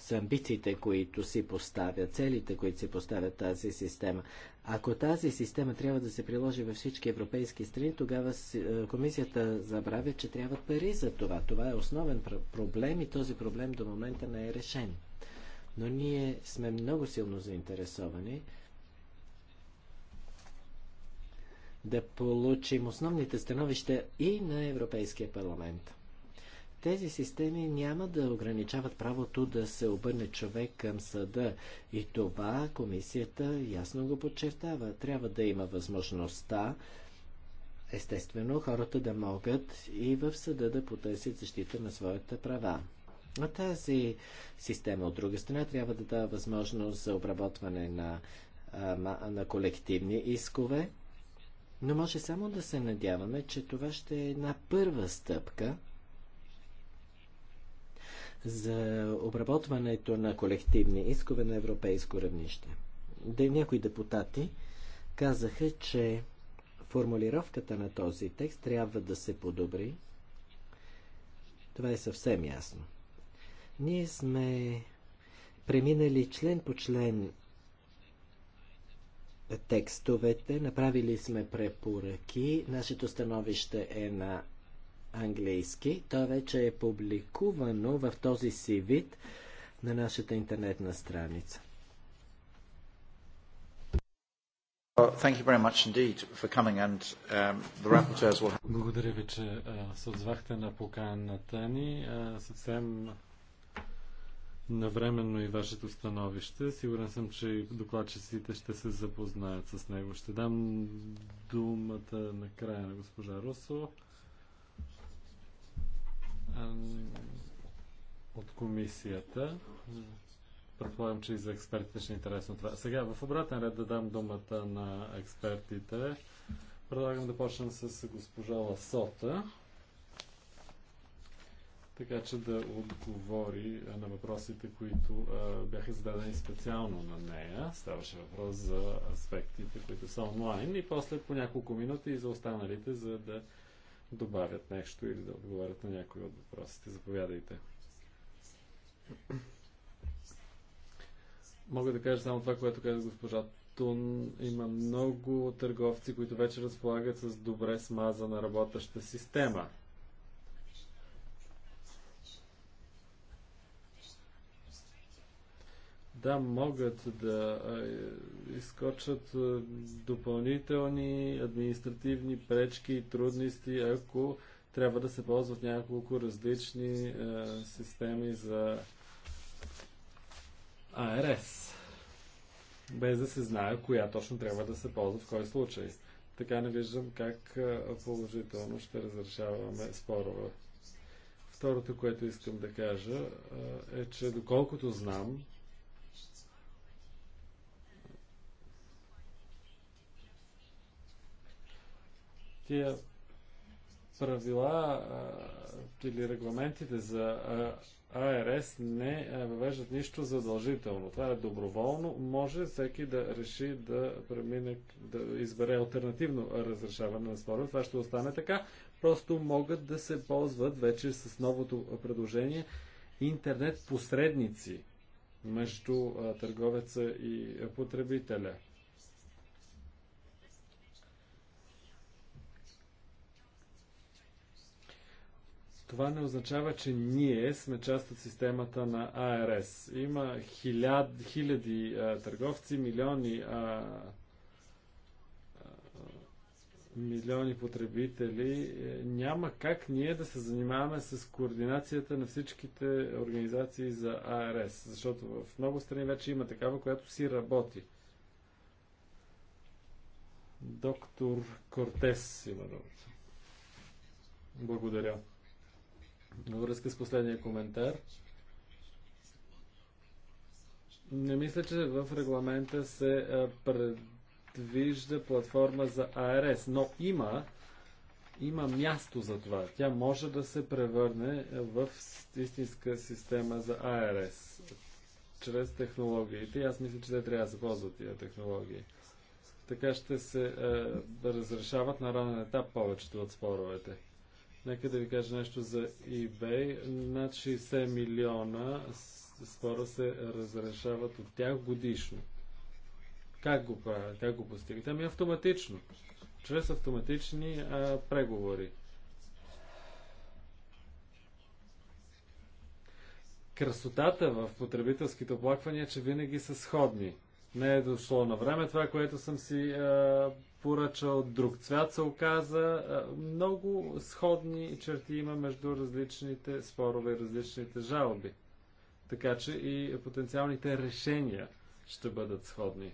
с амбициите, които си поставя, целите, които си поставя тази система. Ако тази система трябва да се приложи във всички европейски страни, тогава е, комисията забравя, че трябват пари за това. Това е основен проблем и този проблем до момента не е решен. Но ние сме много силно заинтересовани да получим основните становища и на Европейския парламент. Тези системи няма да ограничават правото да се обърне човек към съда. И това комисията ясно го подчертава. Трябва да има възможността, естествено, хората да могат и в съда да потърсят защита на своите права. А тази система, от друга страна, трябва да дава възможност за обработване на, на колективни искове, но може само да се надяваме, че това ще е една първа стъпка – за обработването на колективни искове на европейско равнище. Де някои депутати казаха, че формулировката на този текст трябва да се подобри. Това е съвсем ясно. Ние сме преминали член по член текстовете, направили сме препоръки. Нашето становище е на английски. То вече е публикувано в този си вид на нашата интернетна страница. Um, Благодаря ви, че се отзвахте на поканата ни. Съвсем навременно и вашето становище. Сигурен съм, че докладчиците ще се запознаят с него. Ще дам думата на края на госпожа Русо от комисията. Предполагам, че и за експертите ще е интересно това. Сега в обратен ред да дам думата на експертите. Предлагам да почнем с госпожа Ласота, така че да отговори на въпросите, които а, бяха зададени специално на нея. Ставаше въпрос за аспектите, които са онлайн и после по няколко минути и за останалите, за да добавят нещо или да отговарят на някои от въпросите. Заповядайте. Мога да кажа само това, което каза госпожа Тун. Има много търговци, които вече разполагат с добре смазана работеща система да могат да изкочат допълнителни административни пречки и трудности, ако трябва да се ползват няколко различни системи за АРС, без да се знае коя точно трябва да се ползва в кой случай. Така не виждам как положително ще разрешаваме спорове. Второто, което искам да кажа, е, че доколкото знам, Тия правила а, или регламентите за а, АРС не въвеждат нищо задължително. Това е доброволно. Може всеки да реши да премине, да избере альтернативно разрешаване на спора. Това ще остане така. Просто могат да се ползват вече с новото предложение интернет посредници между търговеца и потребителя. това не означава, че ние сме част от системата на АРС. Има хиляд, хиляди а, търговци, милиони, а, а, милиони потребители. Е, няма как ние да се занимаваме с координацията на всичките организации за АРС, защото в много страни вече има такава, която си работи. Доктор Кортес има думата. Благодаря. Във връзка с последния коментар. Не мисля, че в регламента се предвижда платформа за АРС, но има, има място за това. Тя може да се превърне в истинска система за АРС чрез технологиите. Аз мисля, че те трябва да се ползват тия технологии. Така ще се е, разрешават на ранен етап повечето от споровете. Нека да ви кажа нещо за eBay. Над 60 милиона спора се разрешават от тях годишно. Как го правят? Как го постигат? Ами автоматично. Чрез автоматични а, преговори. Красотата в потребителските оплаквания, че винаги са сходни. Не е дошло на време това, което съм си а, Поръча от друг цвят, се оказа. Е, много сходни черти има между различните спорове и различните жалби. Така че и потенциалните решения ще бъдат сходни.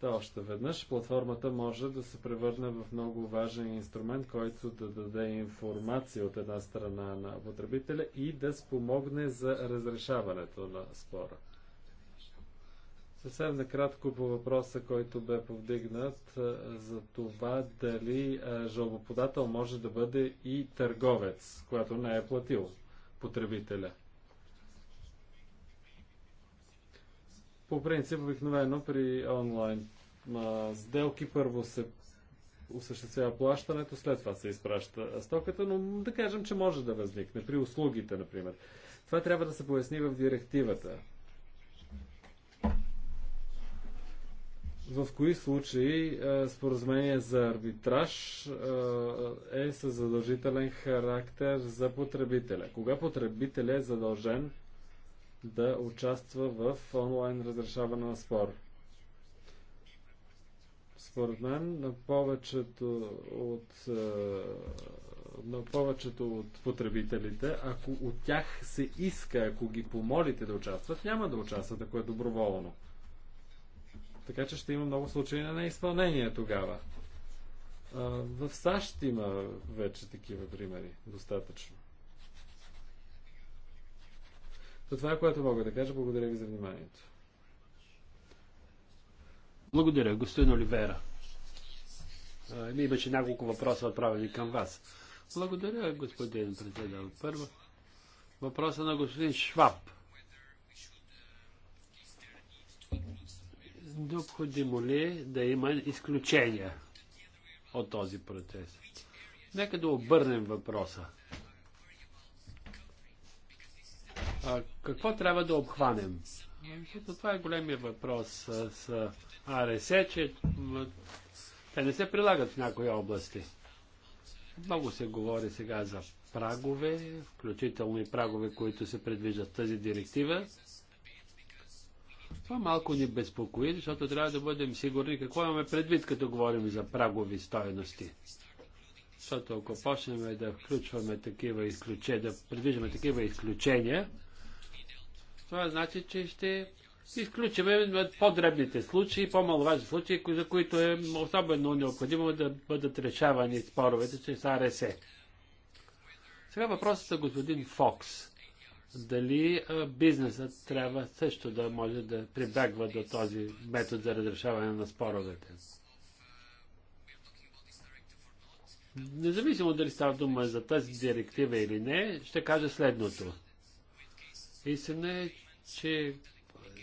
Та още веднъж платформата може да се превърне в много важен инструмент, който да даде информация от една страна на потребителя и да спомогне за разрешаването на спора. Съвсем накратко по въпроса, който бе повдигнат за това дали жалбоподател може да бъде и търговец, която не е платил потребителя. По принцип, обикновено при онлайн сделки първо се осъществява плащането, след това се изпраща стоката, но да кажем, че може да възникне при услугите, например. Това трябва да се поясни в директивата. в кои случаи е, споразумение за арбитраж е, е със с задължителен характер за потребителя? Кога потребителя е задължен да участва в онлайн разрешаване на спор? Според мен на повечето от е, на повечето от потребителите, ако от тях се иска, ако ги помолите да участват, няма да участват, ако е доброволно. Така че ще има много случаи на неизпълнение тогава. в САЩ има вече такива примери. Достатъчно. То това е което мога да кажа. Благодаря ви за вниманието. Благодаря, господин Оливера. Ми имаше няколко въпроса отправени към вас. Благодаря, господин председател. Първо, въпроса на господин Шваб. необходимо ли е да има изключения от този процес? Нека да обърнем въпроса. А, какво трябва да обхванем? Защото това е големия въпрос с, с АРС, че те не се прилагат в някои области. Много се говори сега за прагове, включително и прагове, които се предвиждат в тази директива. Това малко ни безпокои, защото трябва да бъдем сигурни какво имаме предвид, като говорим за прагови стоености. Защото ако почнем да включваме такива изключения, да предвиждаме такива изключения, това значи, че ще изключим по-дребните случаи, по-маловажни случаи, за които е особено необходимо да бъдат решавани споровете чрез АРСЕ. Сега въпросът за господин Фокс дали бизнесът трябва също да може да прибягва до този метод за разрешаване на споровете. Независимо дали става дума за тази директива или не, ще кажа следното. Истина е, че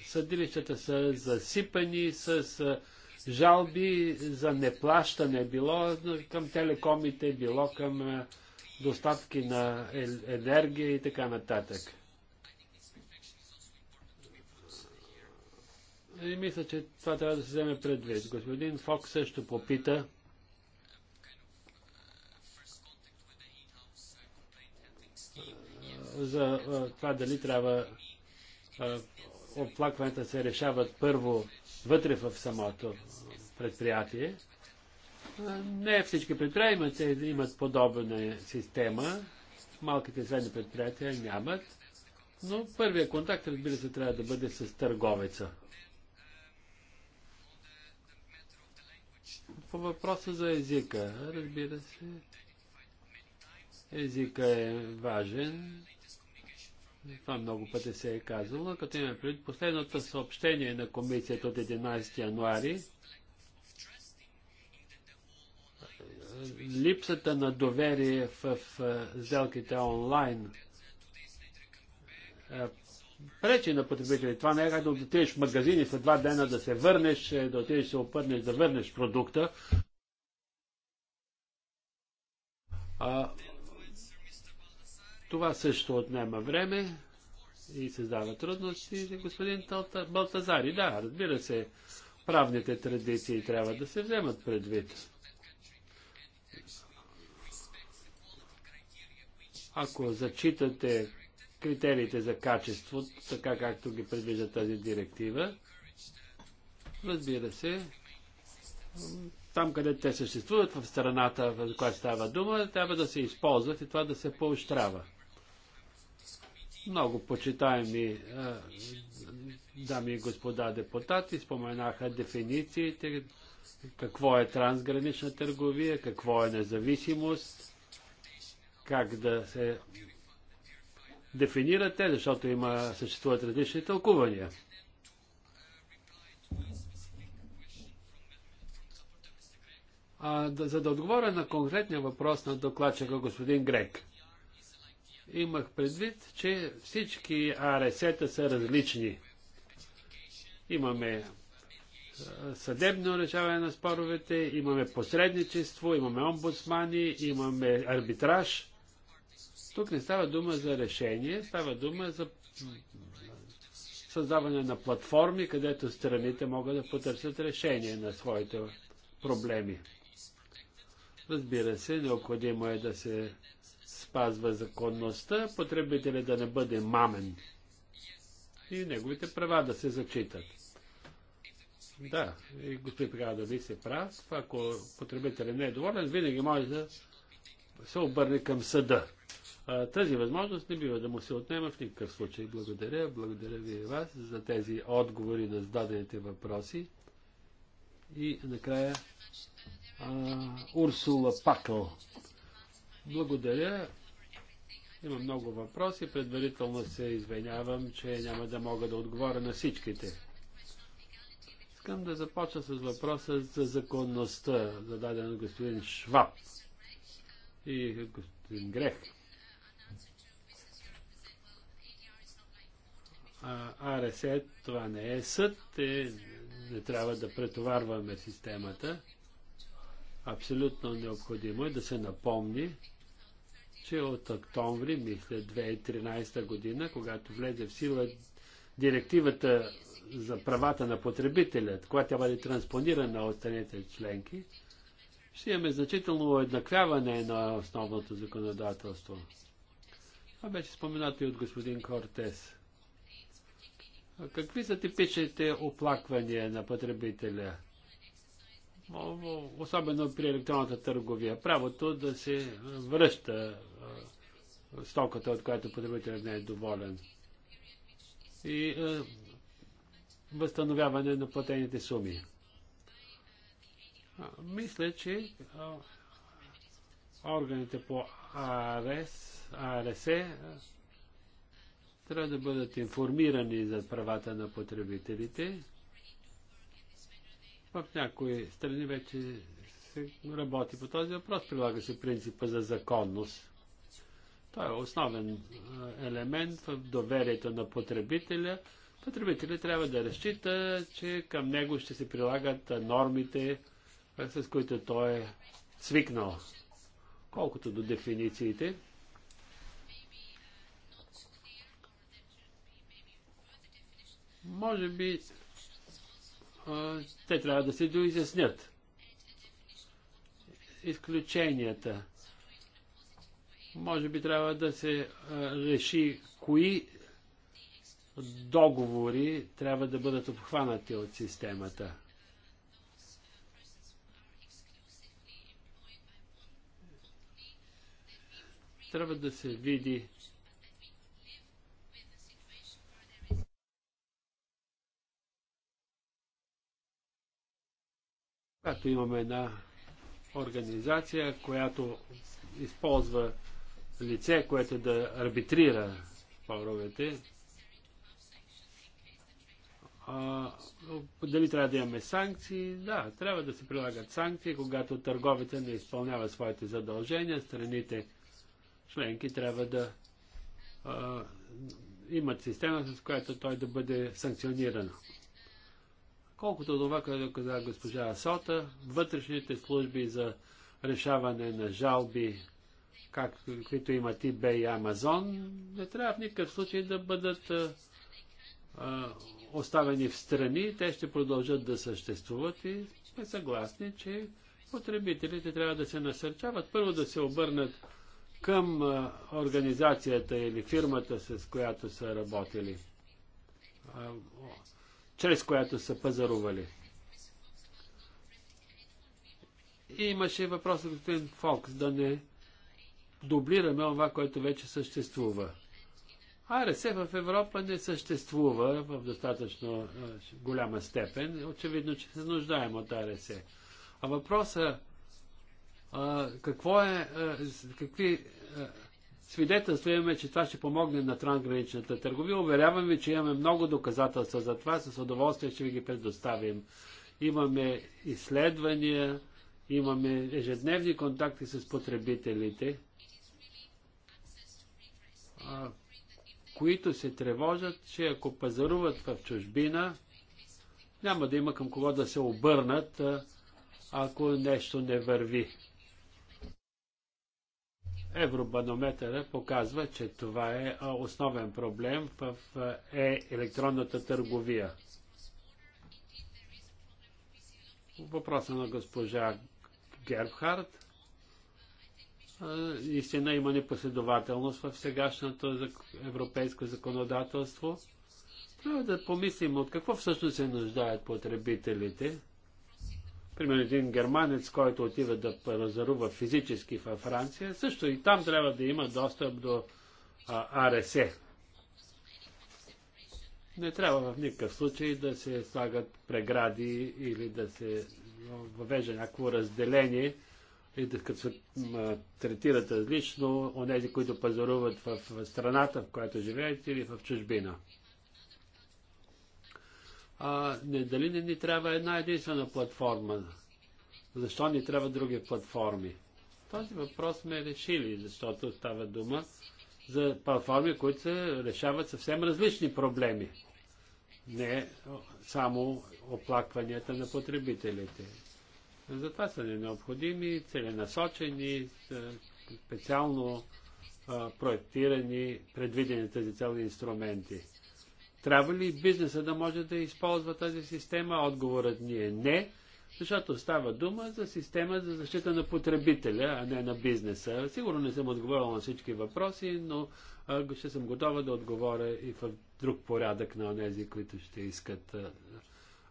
съдилищата са засипани с жалби за неплащане, било към телекомите, било към доставки на е, енергия и така нататък. И мисля, че това трябва да се вземе предвид. Господин Фокс също попита. за това дали трябва оплакването се решават първо вътре в самото предприятие. Не всички предприятия имат, имат подобна система. Малките и средни предприятия нямат. Но първия контакт, разбира се, трябва да бъде с търговеца. по въпроса за езика. Разбира се, езика е важен. Това много пъти се е казало, като имаме пред последното съобщение на комисията от 11 януари. Липсата на доверие в, в сделките онлайн пречи на потребителите. Това не е как да отидеш в магазин и след два дена да се върнеш, е, да отидеш се опърнеш, да върнеш продукта. А, това също отнема време и създава трудности. Господин Балтазари, да, разбира се, правните традиции трябва да се вземат предвид. Ако зачитате критериите за качество, така както ги предвижда тази директива. Разбира се, там къде те съществуват в страната, в която става дума, трябва да се използват и това да се поощрява. Много почитаеми дами и господа депутати споменаха дефинициите, какво е трансгранична търговия, какво е независимост, как да се Дефинирате, те, защото има, съществуват различни тълкувания. А, да, за да отговоря на конкретния въпрос на докладчика господин Грек. Имах предвид, че всички АРС-та са различни. Имаме съдебно решаване на споровете, имаме посредничество, имаме омбудсмани, имаме арбитраж. Тук не става дума за решение, става дума за създаване на платформи, където страните могат да потърсят решение на своите проблеми. Разбира се, необходимо е да се спазва законността, потребителят да не бъде мамен и неговите права да се зачитат. Да, и господин ви се прав. Ако потребителят не е доволен, винаги може да се обърне към съда тази възможност не бива да му се отнема в никакъв случай. Благодаря, благодаря ви и вас за тези отговори на зададените въпроси. И накрая а, Урсула Пакъл. Благодаря. Има много въпроси. Предварително се извинявам, че няма да мога да отговоря на всичките. Искам да започна с въпроса за законността, зададен от господин Шваб и господин Грех. АРС това не е съд, е, не трябва да претоварваме системата. Абсолютно необходимо е да се напомни, че от октомври, мисля, 2013 година, когато влезе в сила директивата за правата на потребителят, която тя бъде транспонирана от страните членки, ще имаме значително уеднаквяване на основното законодателство. Това беше споменато и от господин Кортес. Какви са типичните оплаквания на потребителя? Особено при електронната търговия. Правото да се връща стоката, от която потребителят не е доволен. И възстановяване на платените суми. Мисля, че органите по АРС, АРС трябва да бъдат информирани за правата на потребителите. В някои страни вече се работи по този въпрос. Прилага се принципа за законност. Той е основен елемент в доверието на потребителя. Потребителят трябва да разчита, че към него ще се прилагат нормите, с които той е свикнал. Колкото до дефинициите, Може би а, те трябва да се доизяснят. Изключенията. Може би трябва да се а, реши кои договори трябва да бъдат обхванати от системата. Трябва да се види Както имаме една организация, която използва лице, което да арбитрира споровете, а, дали трябва да имаме санкции? Да, трябва да се прилагат санкции, когато търговите не изпълняват своите задължения, страните членки трябва да а, имат система, с която той да бъде санкциониран. Колкото това, което каза госпожа Асота, вътрешните служби за решаване на жалби, каквито имат и и Амазон, не трябва в никакъв случай да бъдат а, оставени в страни. Те ще продължат да съществуват и сме съгласни, че потребителите трябва да се насърчават. Първо да се обърнат към а, организацията или фирмата, с която са работили. А, чрез която са пазарували. И имаше въпрос от господин Фокс да не дублираме това, което вече съществува. АРС в Европа не съществува в достатъчно голяма степен. Очевидно, че се нуждаем от АРС. А въпросът какво е, какви свидетелстваме, че това ще помогне на трансграничната търговия. Уверявам ви, че имаме много доказателства за това. С удоволствие ще ви ги предоставим. Имаме изследвания, имаме ежедневни контакти с потребителите, които се тревожат, че ако пазаруват в чужбина, няма да има към кого да се обърнат, ако нещо не върви. Евробанометъра показва, че това е основен проблем в е електронната търговия. Въпроса на госпожа Гербхард. Истина има непоследователност в сегашното европейско законодателство. Трябва да помислим от какво всъщност се нуждаят потребителите – Примерно един германец, който отива да пазарува физически във Франция, също и там трябва да има достъп до АРС. Не трябва в никакъв случай да се слагат прегради или да се въвежда някакво разделение и да като се третират различно тези, които пазаруват в, в страната, в която живеят или в чужбина а, не, дали не ни трябва една единствена платформа? Защо ни трябва други платформи? Този въпрос сме решили, защото става дума за платформи, които решават съвсем различни проблеми. Не само оплакванията на потребителите. Затова са ни необходими, целенасочени, е, специално проектирани, предвидени тези цели инструменти. Трябва ли бизнеса да може да използва тази система? Отговорът ни е не, защото става дума за система за защита на потребителя, а не на бизнеса. Сигурно не съм отговорил на всички въпроси, но ще съм готова да отговоря и в друг порядък на тези, които ще искат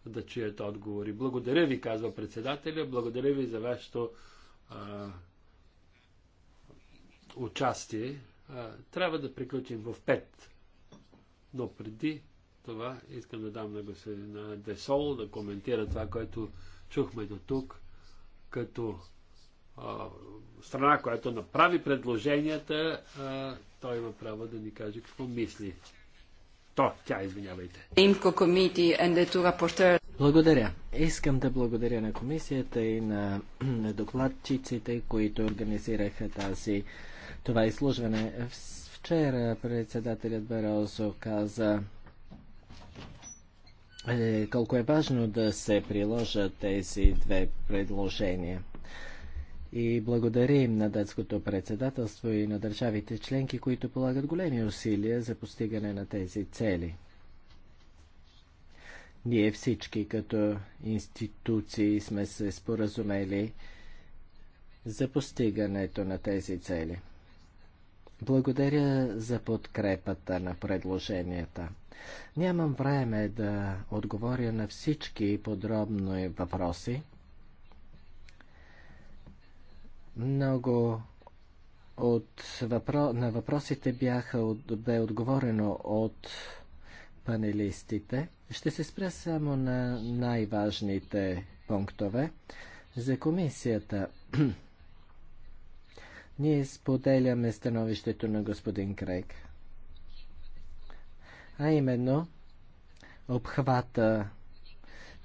да чуят отговори. Благодаря ви, казва председателя, благодаря ви за вашето а, участие. трябва да приключим в 5 но преди това искам да дам на господин Десол да коментира това, което чухме до тук, като а, страна, която направи предложенията, а, той има право да ни каже какво мисли. То, тя, извинявайте. Благодаря. Искам да благодаря на комисията и на, на докладчиците, които организираха тази, това изслужване. Вчера председателят Барозо каза е, колко е важно да се приложат тези две предложения. И благодарим на датското председателство и на държавите членки, които полагат големи усилия за постигане на тези цели. Ние всички като институции сме се споразумели за постигането на тези цели. Благодаря за подкрепата на предложенията. Нямам време да отговоря на всички подробни въпроси. Много от въпро... на въпросите бяха от... бе отговорено от панелистите. Ще се спря само на най-важните пунктове. За комисията ние споделяме становището на господин Крейг. А именно, обхвата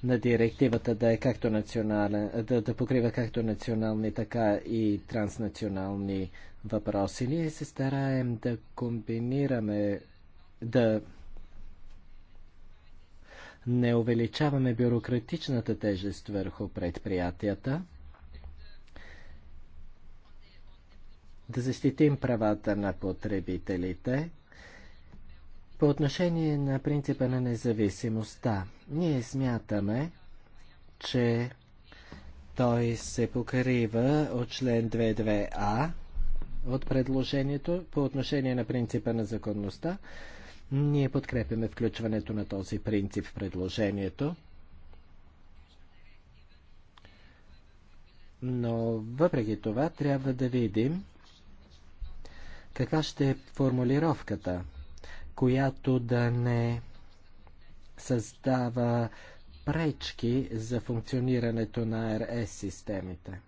на директивата да е както национален, да, да покрива както национални, така и транснационални въпроси. Ние се стараем да комбинираме, да не увеличаваме бюрократичната тежест върху предприятията – да защитим правата на потребителите. По отношение на принципа на независимостта, ние смятаме, че той се покрива от член 22а от предложението по отношение на принципа на законността. Ние подкрепяме включването на този принцип в предложението. Но въпреки това трябва да видим каква ще е формулировката, която да не създава пречки за функционирането на РС системите?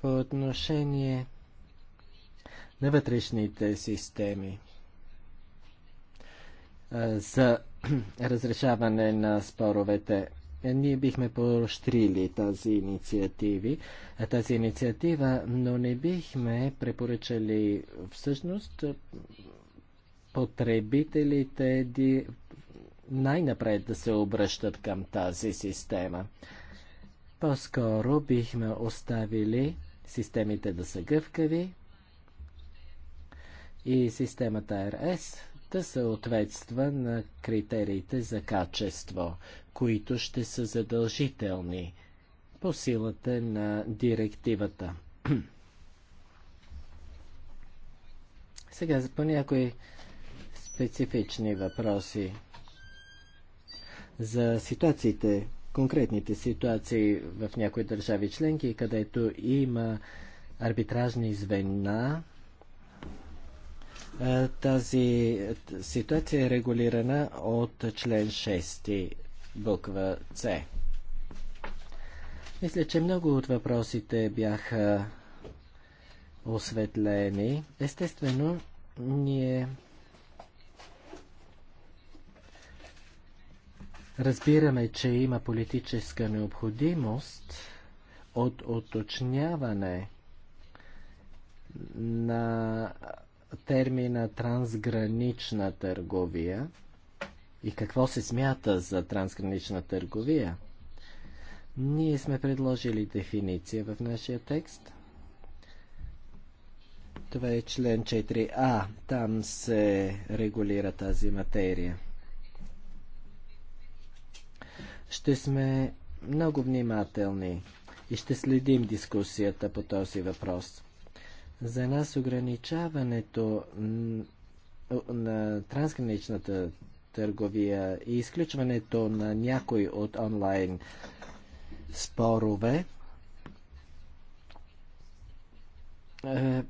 По отношение на вътрешните системи за [clears throat] разрешаване на споровете е, ние бихме поощрили тази инициативи, е, тази инициатива, но не бихме препоръчали всъщност потребителите най-напред да се обръщат към тази система. По-скоро бихме оставили системите да са гъвкави и системата РС да съответства на критериите за качество, които ще са задължителни по силата на директивата. [clears throat] Сега по някои специфични въпроси за ситуациите, конкретните ситуации в някои държави членки, където има арбитражни звена, е, тази ситуация е регулирана от член 6, буква С. Мисля, че много от въпросите бяха осветлени. Естествено, ние разбираме, че има политическа необходимост от уточняване на термина трансгранична търговия и какво се смята за трансгранична търговия, ние сме предложили дефиниция в нашия текст. Това е член 4а. Там се регулира тази материя. Ще сме много внимателни и ще следим дискусията по този въпрос. За нас ограничаването на трансграничната търговия и изключването на някой от онлайн спорове е,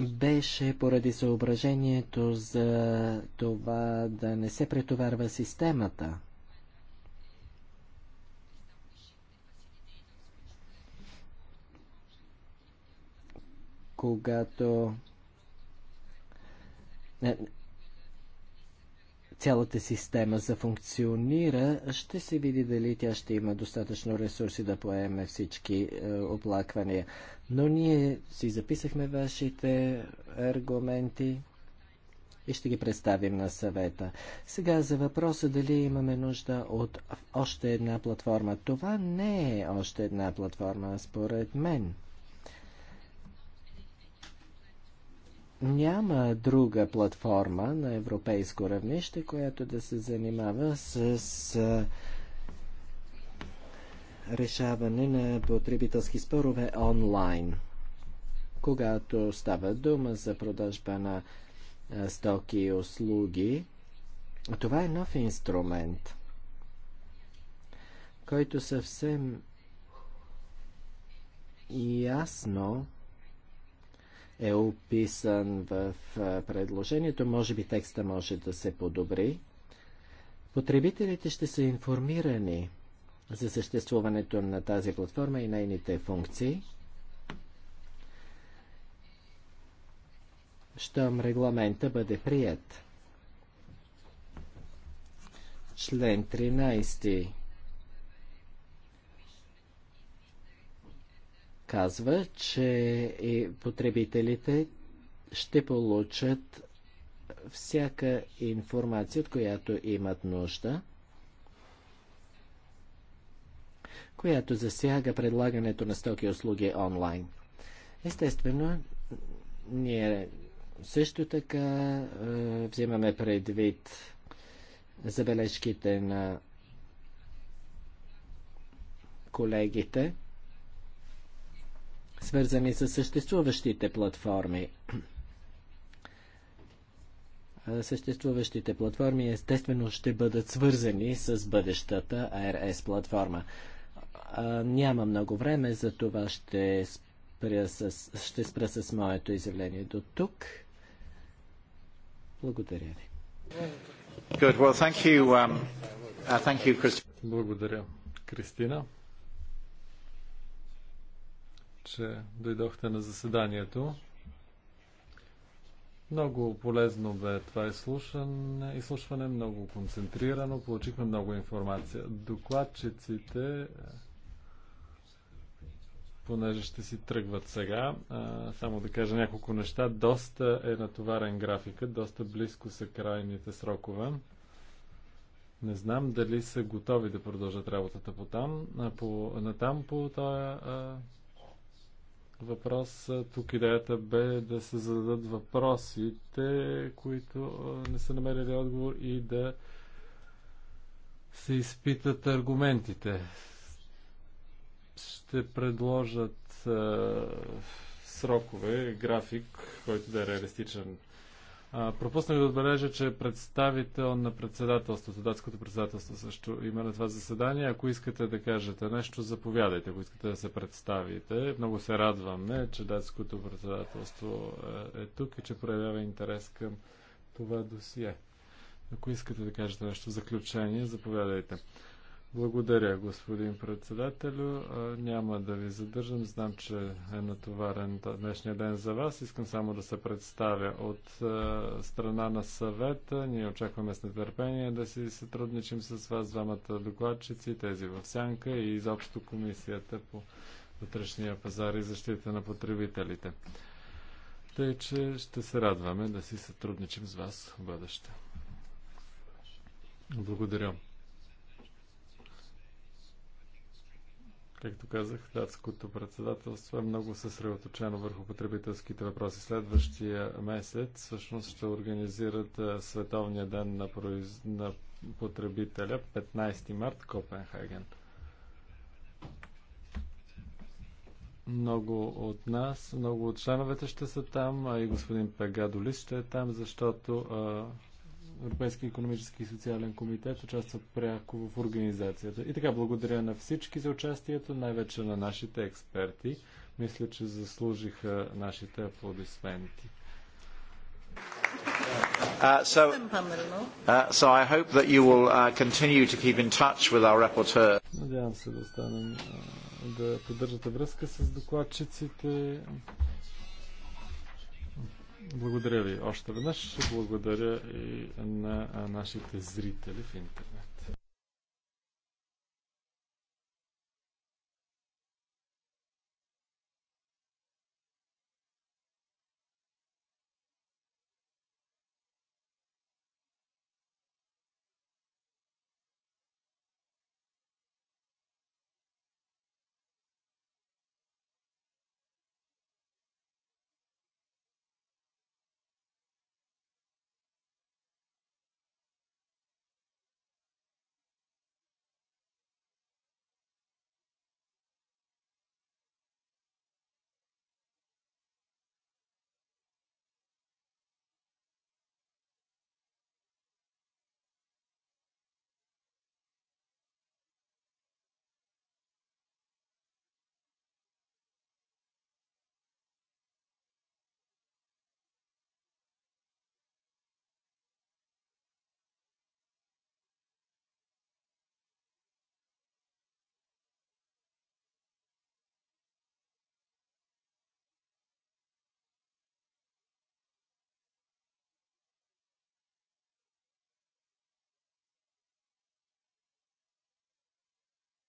беше поради съображението за това да не се претоварва системата. когато е, цялата система за функционира, ще се види дали тя ще има достатъчно ресурси да поеме всички е, оплаквания. Но ние си записахме вашите аргументи и ще ги представим на съвета. Сега за въпроса дали имаме нужда от още една платформа. Това не е още една платформа, според мен. няма друга платформа на европейско равнище, която да се занимава с, решаване на потребителски спорове онлайн. Когато става дума за продажба на стоки и услуги, това е нов инструмент, който съвсем ясно е описан в предложението. Може би текста може да се подобри. Потребителите ще са информирани за съществуването на тази платформа и нейните функции. щом регламента бъде прият. Член 13 казва, че потребителите ще получат всяка информация, от която имат нужда, която засяга предлагането на стоки и услуги онлайн. Естествено, ние също така е, взимаме предвид забележките на колегите свързани с съществуващите платформи. Съществуващите платформи естествено ще бъдат свързани с бъдещата ARS платформа. Няма много време, за това ще спра с, ще спра с моето изявление до тук. Благодаря ви. Well, you, um, uh, you, Благодаря, Кристина че дойдохте на заседанието. Много полезно бе това изслушване, изслушване много концентрирано, получихме много информация. Докладчиците, понеже ще си тръгват сега, само да кажа няколко неща. Доста е натоварен графикът, доста близко са крайните срокове. Не знам дали са готови да продължат работата по там, по, на там по този въпрос. Тук идеята бе да се зададат въпросите, които не са намерили отговор и да се изпитат аргументите. Ще предложат срокове, график, който да е реалистичен Пропуснах да отбележа, че представител на председателството, датското председателство също има на това заседание. Ако искате да кажете нещо, заповядайте, ако искате да се представите. Много се радваме, че датското председателство е, е тук и че проявява интерес към това досие. Ако искате да кажете нещо в заключение, заповядайте. Благодаря, господин председателю. Няма да ви задържам. Знам, че е натоварен днешния ден за вас. Искам само да се представя от страна на съвета. Ние очакваме с нетърпение да си сътрудничим с вас, двамата докладчици, тези в сянка и изобщо комисията по вътрешния пазар и защита на потребителите. Тъй, че ще се радваме да си сътрудничим с вас в бъдеще. Благодаря. Както казах, датското председателство е много съсредоточено върху потребителските въпроси. Следващия месец всъщност ще организират е, Световния ден на, произ... на потребителя 15 март Копенхаген. Много от нас, много от членовете ще са там, а и господин Пегадолис ще е там, защото а, Европейски економически и социален комитет участва пряко в организацията. И така, благодаря на всички за участието, най-вече на нашите експерти. Мисля, че заслужиха нашите аплодисменти. Uh, so, uh, so I hope that you will uh, continue to keep in touch with our rapporteur. Надявам се да останем, uh, да поддържате връзка с докладчиците. Благодаря ви още веднъж. Благодаря и на нашите зрители в интернет.